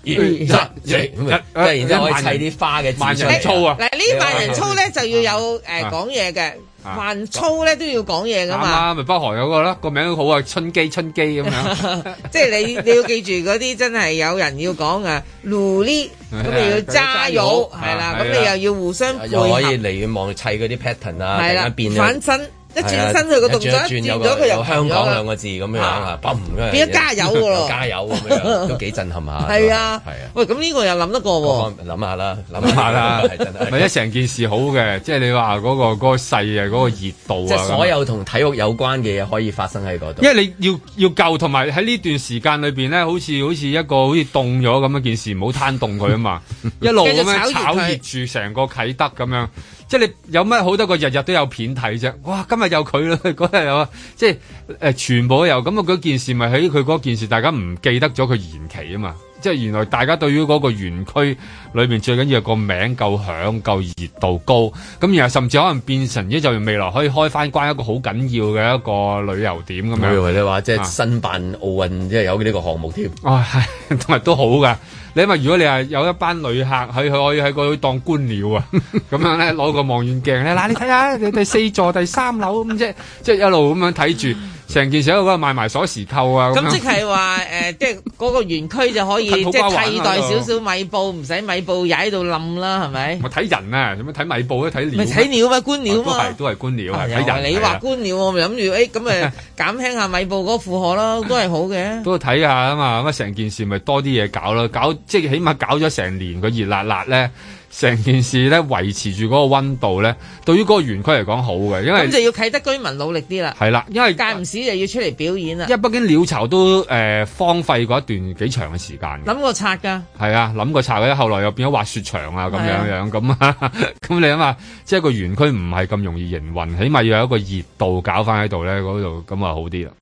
然之後，然之後可以砌啲花嘅萬人操啊！嗱，呢萬人操
咧就要有誒講嘢嘅萬操咧、啊、都要講嘢噶嘛，
咪北韓嗰個咯，個名好啊，啊啊好春機春
機咁樣， 即係你你要記住嗰啲真係有人要講啊，lulie，咁又要揸肉，係啦，咁你又要互相配合，又可以
嚟遠望砌嗰啲 pattern 啊，係，突然間變咗反身。一轉身佢個、啊、動作一轉咗佢由香港兩個字咁樣啊，
樣啊就
是、變咗加油喎。「加油
咁 樣都幾震撼下。
係啊，係啊，
啊。喂，咁呢個又諗得過喎、啊？諗
下啦，諗下啦，係 真係。咪一成件事好嘅，即係你話嗰、那個嗰個勢啊嗰個熱度啊，即、
嗯、係、就是、所有
同體育有關嘅嘢可以發生喺嗰
度。
因為你
要要救同埋喺呢段時間裏面咧，好似好似一個好似凍咗咁一件事，唔好攤凍佢啊嘛， 一路咁樣炒熱住成個啟德咁樣。即係你有乜好多個日日都有片睇啫！哇，今日有佢啦，嗰日有，即係全部都有咁啊！嗰件事咪喺佢嗰件事，大家唔記得咗佢延期啊嘛！即係原來大家對於嗰個園區裏面最緊要係個名夠響、夠熱度高，咁然後甚至可能變成一，就未來可以開翻關一個好緊要嘅一個旅遊點咁樣。你話、啊、即係申辦奧運，即係有呢個項目添。哦、哎，同、哎、埋都好㗎。你因為如果你係有一班旅客喺去喺嗰度當官僚啊，咁樣咧攞個望遠鏡咧，嗱 你睇下你，你第四座第三樓咁啫，即係、即係、一路咁樣睇住。成件事嗰個賣埋鎖匙扣啊！咁即係話
誒，即係嗰個園區就可以即係 是說 替代少少米布，唔 使米布踩喺度冧啦，係咪？
我睇人啊，咁樣睇米布咧，啊，睇鳥咪睇鳥咩？觀鳥嘛，官嘛哦，都係都係觀鳥，係、哎，睇人。你話
觀鳥，我咪諗住誒，咁咪減輕下米布嗰個負荷啦，都係好嘅，啊。
都睇下啊嘛，咁啊成件事咪多啲嘢搞啦，搞即係起碼搞咗成年個熱辣辣咧。成件事咧維持住嗰個溫度咧，對於嗰個園區嚟講好嘅，因為咁就
要啟德居民努力啲啦。係啦，因為間唔時又要出嚟表演啦。因為畢竟
鳥巢都誒、呃、荒廢過一段幾長嘅時間。
諗過拆㗎？
係啊，諗過拆嘅，後來又變咗滑雪場啊咁樣樣咁啊。咁你諗下，即係個園區唔係咁容易營運，起碼要有一個熱度搞翻喺度咧，嗰度咁啊好啲啦。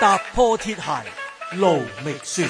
踏
破鐵鞋路未絕。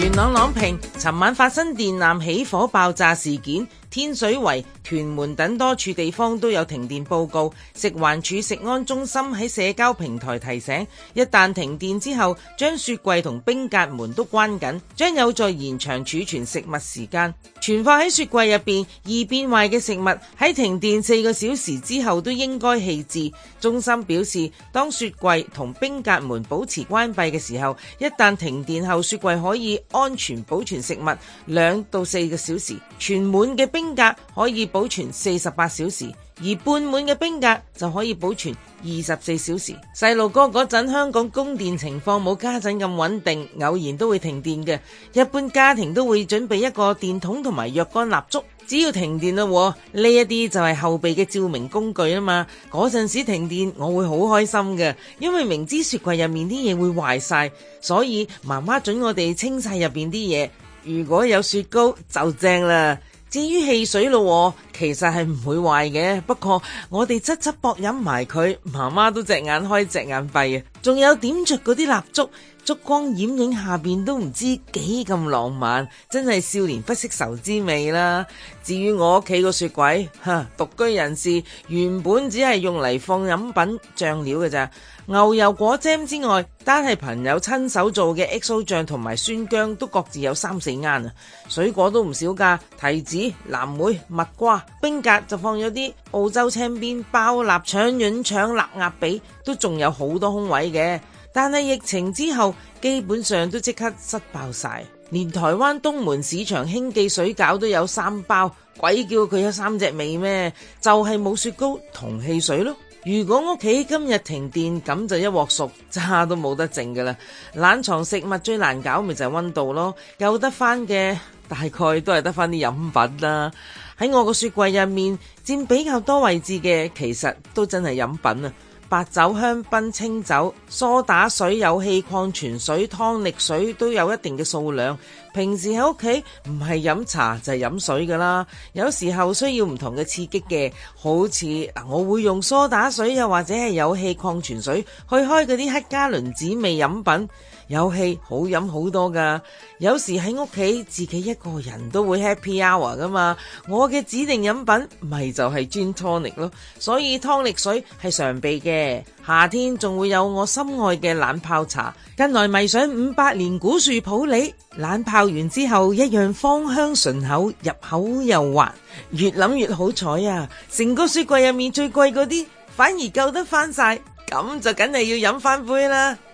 元朗朗屏，昨晚發生電纜起火爆炸事件。天水圍、屯門等多處地方都有停電報告。食環署食安中心喺社交平台提醒：一旦停電之後，將雪櫃同冰格門都關緊，將有助延長儲存食物時間。存放喺雪櫃入邊易變壞嘅食物，喺停電四個小時之後都應該棄置。中心表示，當雪櫃同冰格門保持關閉嘅時候，一旦停電後，雪櫃可以安全保存食物兩到四個小時。全滿嘅冰冰格可以保存四十八小時，而半滿嘅冰格就可以保存二十四小時。細路哥嗰陣香港供電情況冇家陣咁穩定，偶然都會停電嘅。一般家庭都會準備一個電筒同埋若干蠟燭，只要停電啦，呢一啲就係後備嘅照明工具啊嘛。嗰陣時停電我會好開心嘅，因為明知雪櫃入面啲嘢會壞晒，所以媽媽准我哋清晒入邊啲嘢。如果有雪糕就正啦。至於汽水咯，其實係唔會壞嘅。不過我哋側側膊飲埋佢，媽媽都隻眼開隻眼閉啊！仲有點着嗰啲蠟燭，燭光掩影下邊都唔知幾咁浪漫，真係少年不識愁滋味啦！至於我屋企個雪櫃，吓獨居人士原本只係用嚟放飲品醬料嘅咋。牛油果醬之外，單係朋友親手做嘅 xo 醬同埋酸薑都各自有三四罌啊！水果都唔少噶，提子、藍莓、蜜瓜、冰格就放咗啲澳洲青邊鮑、臘腸、潤腸、臘鴨髀，都仲有好多空位嘅。但係疫情之後，基本上都即刻塞爆晒，連台灣東門市場興記水餃都有三包，鬼叫佢有三隻味咩？就係、是、冇雪糕同汽水咯。如果屋企今日停電，咁就一鑊熟渣都冇得剩噶啦。冷藏食物最難搞，咪就係溫度咯。有得翻嘅，大概都係得翻啲飲品啦。喺我個雪櫃入面佔比較多位置嘅，其實都真係飲品啊。白酒、香檳、清酒、梳打水、有氣礦泉水、湯力水都有一定嘅數量。平時喺屋企唔係飲茶，就係飲水㗎啦。有時候需要唔同嘅刺激嘅，好似我會用梳打水，又或者係有氣礦泉水去開嗰啲黑加侖子味飲品。有氣好飲好多噶，有時喺屋企自己一個人都會 happy hour 噶嘛。我嘅指定飲品咪就係氈湯力咯，所以湯力水係常備嘅。夏天仲會有我心愛嘅冷泡茶，近來迷上五百年古樹普洱，冷泡完之後一樣芳香醇厚，入口又滑。越諗越好彩啊！成個雪櫃入面最貴嗰啲反而夠得翻晒，咁就梗係要飲翻杯啦。